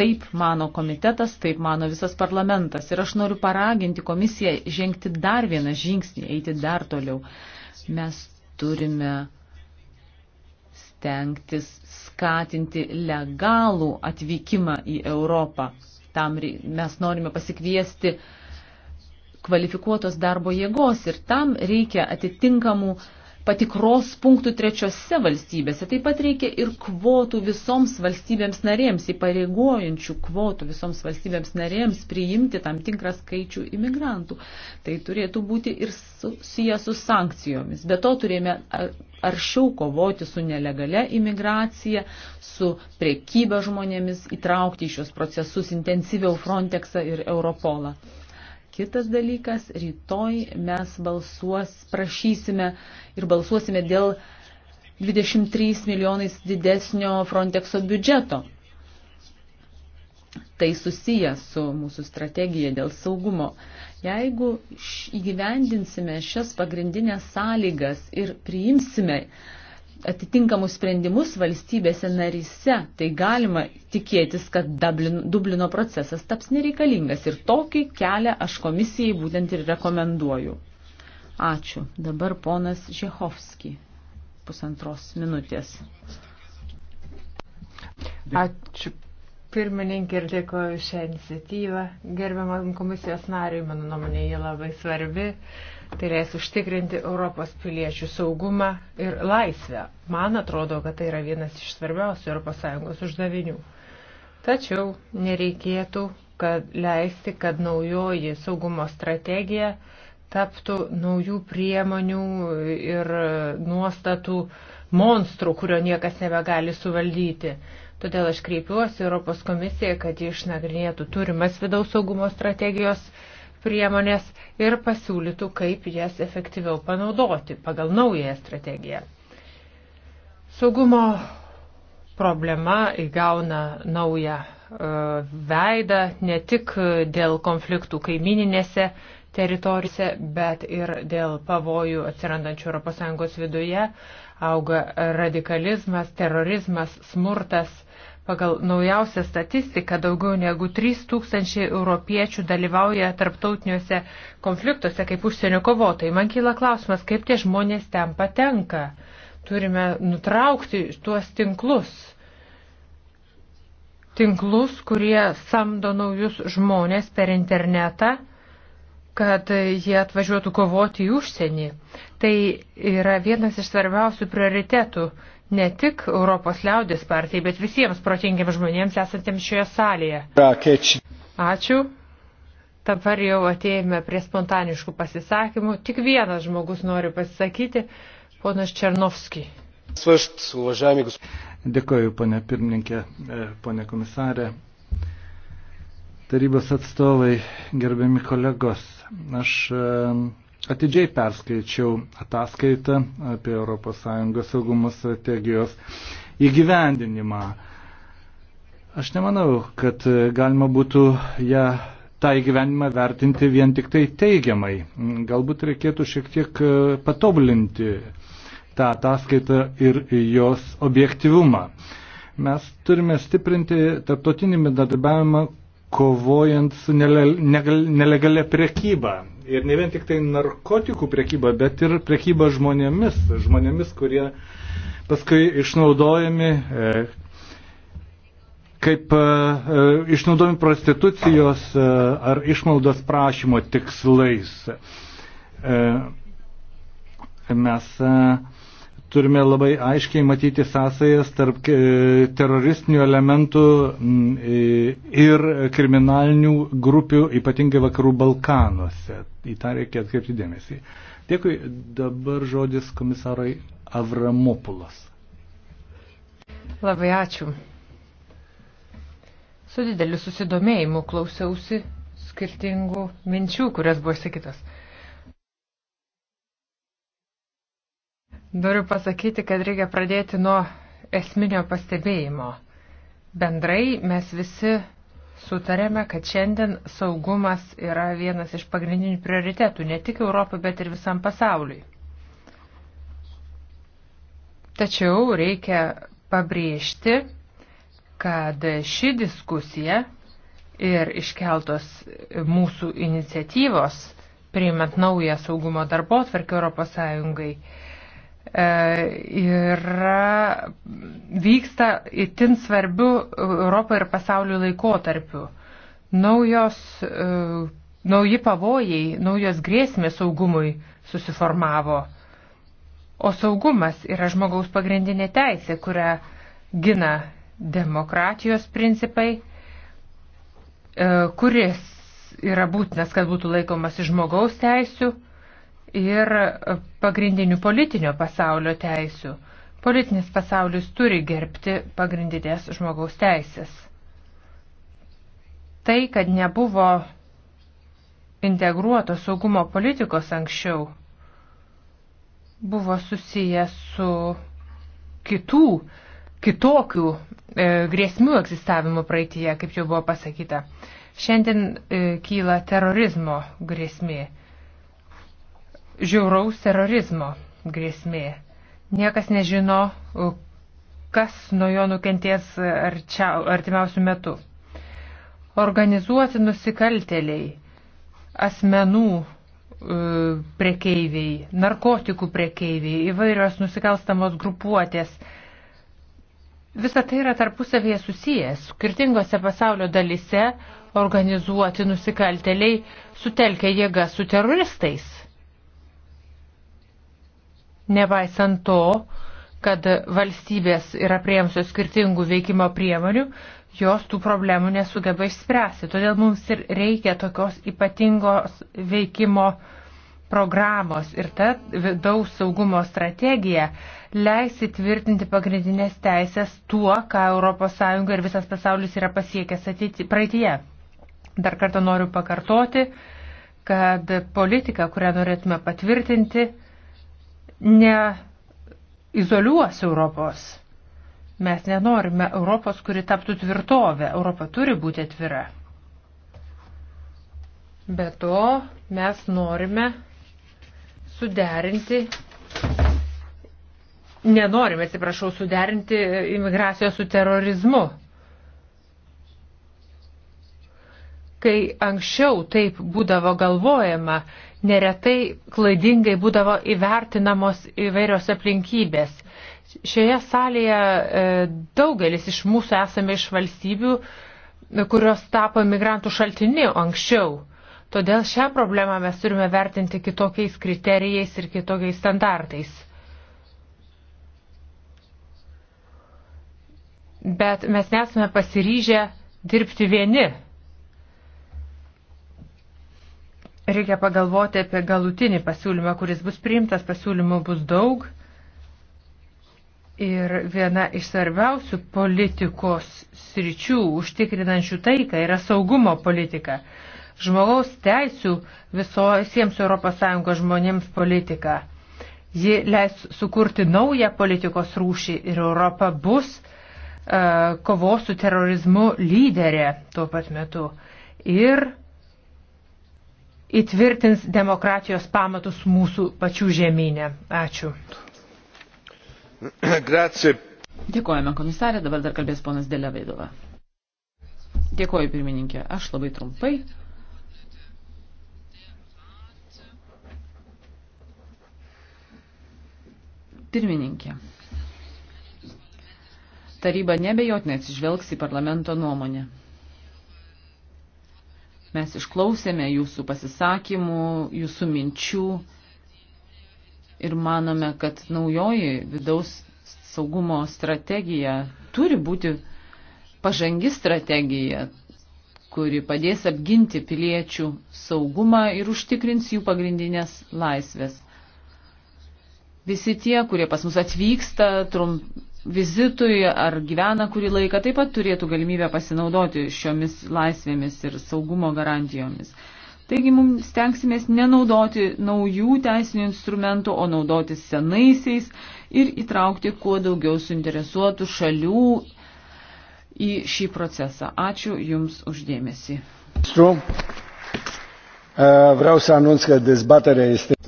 Taip mano komitetas, taip mano visas parlamentas. Ir aš noriu paraginti komisiją žengti dar vieną žingsnį, eiti dar toliau. Mes turime stengtis skatinti legalų atvykimą į Europą. Tam mes norime pasikviesti kvalifikuotos darbo jėgos ir tam reikia atitinkamų uh, patikros punktų trečiose valstybėse. Taip pat reikia ir kvotų visoms valstybėms narėms, įpareigojančių kvotų visoms valstybėms narėms priimti tam tikrą skaičių imigrantų. Tai turėtų būti ir susiję su sankcijomis. Be to turėjome aršiau kovoti su nelegale imigracija, su priekyba žmonėmis, įtraukti į šios procesus intensyviau Frontexą ir Europolą. Kitas dalykas, rytoj mes balsuos, prašysime ir balsuosime dėl 23 milijonais didesnio Frontexo biudžeto. Tai susiję su mūsų strategija dėl saugumo. Jeigu įgyvendinsime šias pagrindinės sąlygas ir priimsime uh, atitinkamus sprendimus valstybėse narise, tai galima tikėtis, kad Dublin, Dublino procesas taps nereikalingas. Ir tokį kelią aš komisijai būtent ir rekomenduoju. Ačiū. Dabar ponas Žehovski. Pusantros minutės. Ačiū pirmininkė ir dėkoju šią iniciatyvą. Gerbiamam komisijos nariui, mano nuomonė, jie labai svarbi. Uh, Tai leis užtikrinti Europos piliečių saugumą ir laisvę. Man atrodo, kad tai yra vienas iš svarbiausių ES uždavinių. Tačiau nereikėtų kad leisti, kad naujoji saugumo strategija taptų naujų priemonių ir nuostatų monstrų, kurio niekas nebegali suvaldyti. Todėl aš kreipiuosi Europos komisiją, kad išnagrinėtų turimas vidaus saugumo strategijos priemonės ir pasiūlytų, kaip jas efektyviau panaudoti pagal naująją strategiją. Saugumo problema įgauna naują e, veidą ne tik dėl konfliktų kaimininėse teritorijose, bet ir dėl pavojų atsirandančių ES viduje auga radikalizmas, terorizmas, smurtas Pagal naujausią statistiką daugiau negu 3000 europiečių dalyvauja tarptautiniuose konfliktuose kaip užsienio kovotojai. Man kyla klausimas, kaip tie žmonės ten patenka. Turime nutraukti tuos tinklus. Tinklus, kurie samdo naujus žmonės per internetą kad jie atvažiuotų kovoti į užsienį. Tai yra vienas iš svarbiausių prioritetų ne tik Europos liaudės partijai, bet visiems protingiams žmonėms esantiems šioje salėje. Ačiū. Dabar jau atėjome prie spontaniškų pasisakymų. Tik vienas žmogus nori pasisakyti, ponas Černovski. Dėkoju, ponė pirmininkė, e, ponė komisarė, tarybos atstovai, gerbiami kolegos. Aš e, Atidžiai perskaičiau ataskaitą apie ES saugumo strategijos įgyvendinimą. Aš nemanau, kad galima būtų ją tą įgyvenimą vertinti vien tik tai teigiamai. Galbūt reikėtų šiek tiek e, patobulinti tą ataskaitą ir jos objektivumą. Mes turime stiprinti tarptautinį bendradarbiavimą kovojant su nelegalia prekyba. Ir ne vien tik tai narkotikų prekyba, bet ir prekyba žmonėmis, žmonėmis, kurie paskui išnaudojami e, kaip e, e išnaudojami prostitucijos e, ar išmaldos prašymo tikslais. E, mes e, turime labai aiškiai matyti sąsajas tarp e, teroristinių elementų e, ir kriminalinių grupių, ypatingai vakarų Balkanuose. Į tą reikia atkreipti dėmesį. Dėkui. Dabar žodis komisarai Avramopulas. Labai ačiū. Su dideliu susidomėjimu klausiausi skirtingų minčių, kurias buvo sakytas. Noriu pasakyti, kad reikia pradėti nuo esminio pastebėjimo. Bendrai mes visi sutarėme, kad šiandien saugumas yra vienas iš pagrindinių prioritetų ne tik Europai, bet ir visam pasauliui. Tačiau reikia pabrėžti, kad ši diskusija ir iškeltos mūsų iniciatyvos priimant naują saugumo darbo tvarkį Europos Sąjungai E, yra, vyksta itin svarbių Europai ir pasaulio laikotarpių. Naujos, e, nauji pavojai, naujos grėsmės saugumui susiformavo. O saugumas yra žmogaus pagrindinė teisė, kurią gina demokratijos principai, e, kuris yra būtinas, kad būtų laikomasi žmogaus teisių ir pagrindinių politinio pasaulio teisių. Politinis pasaulis turi gerbti pagrindinės žmogaus teisės. Tai, kad nebuvo integruotos saugumo politikos anksčiau, buvo susijęs su kitų, kitokių e, grėsmių egzistavimo praeitie, kaip jau buvo pasakyta. Šiandien e, kyla terorizmo grėsmė žiauraus terorizmo grėsmė. Niekas nežino, kas nuo jo nukenties arčiau, artimiausių metų. Organizuoti nusikalteliai, asmenų e, prekeiviai, narkotikų prekeiviai, įvairios nusikalstamos grupuotės. Visa tai yra tarpusavėje susijęs. Skirtingose pasaulio dalise organizuoti nusikalteliai sutelkia jėgas su teroristais nepaisant to, kad valstybės yra priemsios skirtingų veikimo priemonių, jos tų problemų nesugeba išspręsti. Todėl mums ir reikia tokios ypatingos veikimo programos ir ta vidaus saugumo strategija leis įtvirtinti pagrindinės teisės tuo, ką ES ir visas pasaulis yra pasiekęs ateity, praeitie. Dar kartą noriu pakartoti, kad politika, kurią norėtume patvirtinti, neizoliuos Europos. Mes nenorime Europos, kuri taptų tvirtovę. Europa turi būti atvira. Be to, mes norime suderinti, nenorime, atsiprašau, suderinti imigraciją su terorizmu. kai anksčiau taip būdavo galvojama, neretai klaidingai būdavo įvertinamos įvairios aplinkybės. Šioje salėje e, daugelis iš mūsų esame iš valstybių, kurios tapo migrantų šaltiniu anksčiau. Todėl šią problemą mes turime vertinti kitokiais kriterijais ir kitokiais standartais. Bet mes nesame pasiryžę dirbti vieni Reikia pagalvoti apie galutinį pasiūlymą, kuris bus priimtas, pasiūlymų bus daug. Ir viena iš svarbiausių politikos sričių užtikrinančių taiką yra saugumo politika. Žmogaus teisų visiems ES žmonėms politika. Ji leis sukurti naują politikos rūšį ir Europa bus uh, kovos su terorizmu lyderė tuo pat metu. Ir uh, įtvirtins demokratijos pamatus mūsų pačių žemynė. Ačiū. Grazie. Dėkojame komisarė, dabar dar kalbės ponas Dėlevaidova. Dėkoju pirmininkė, aš labai trumpai. Pirmininkė. Taryba nebejotinai atsižvelgs į parlamento nuomonę. Mes išklausėme jūsų pasisakymų, jūsų minčių ir manome, kad naujoji vidaus saugumo strategija turi būti pažangi strategija, kuri padės apginti piliečių saugumą ir užtikrins jų pagrindinės laisvės. Visi tie, kurie pas mus atvyksta, trump, vizitui ar gyvena kurį laiką, taip pat turėtų galimybę pasinaudoti šiomis laisvėmis ir saugumo garantijomis. Taigi mums stengsimės nenaudoti naujų teisinių instrumentų, o naudotis senaisiais ir įtraukti kuo daugiau suinteresuotų šalių į šį procesą. Ačiū Jums uždėmesi. E,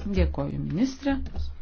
Dėkoju, ministrė.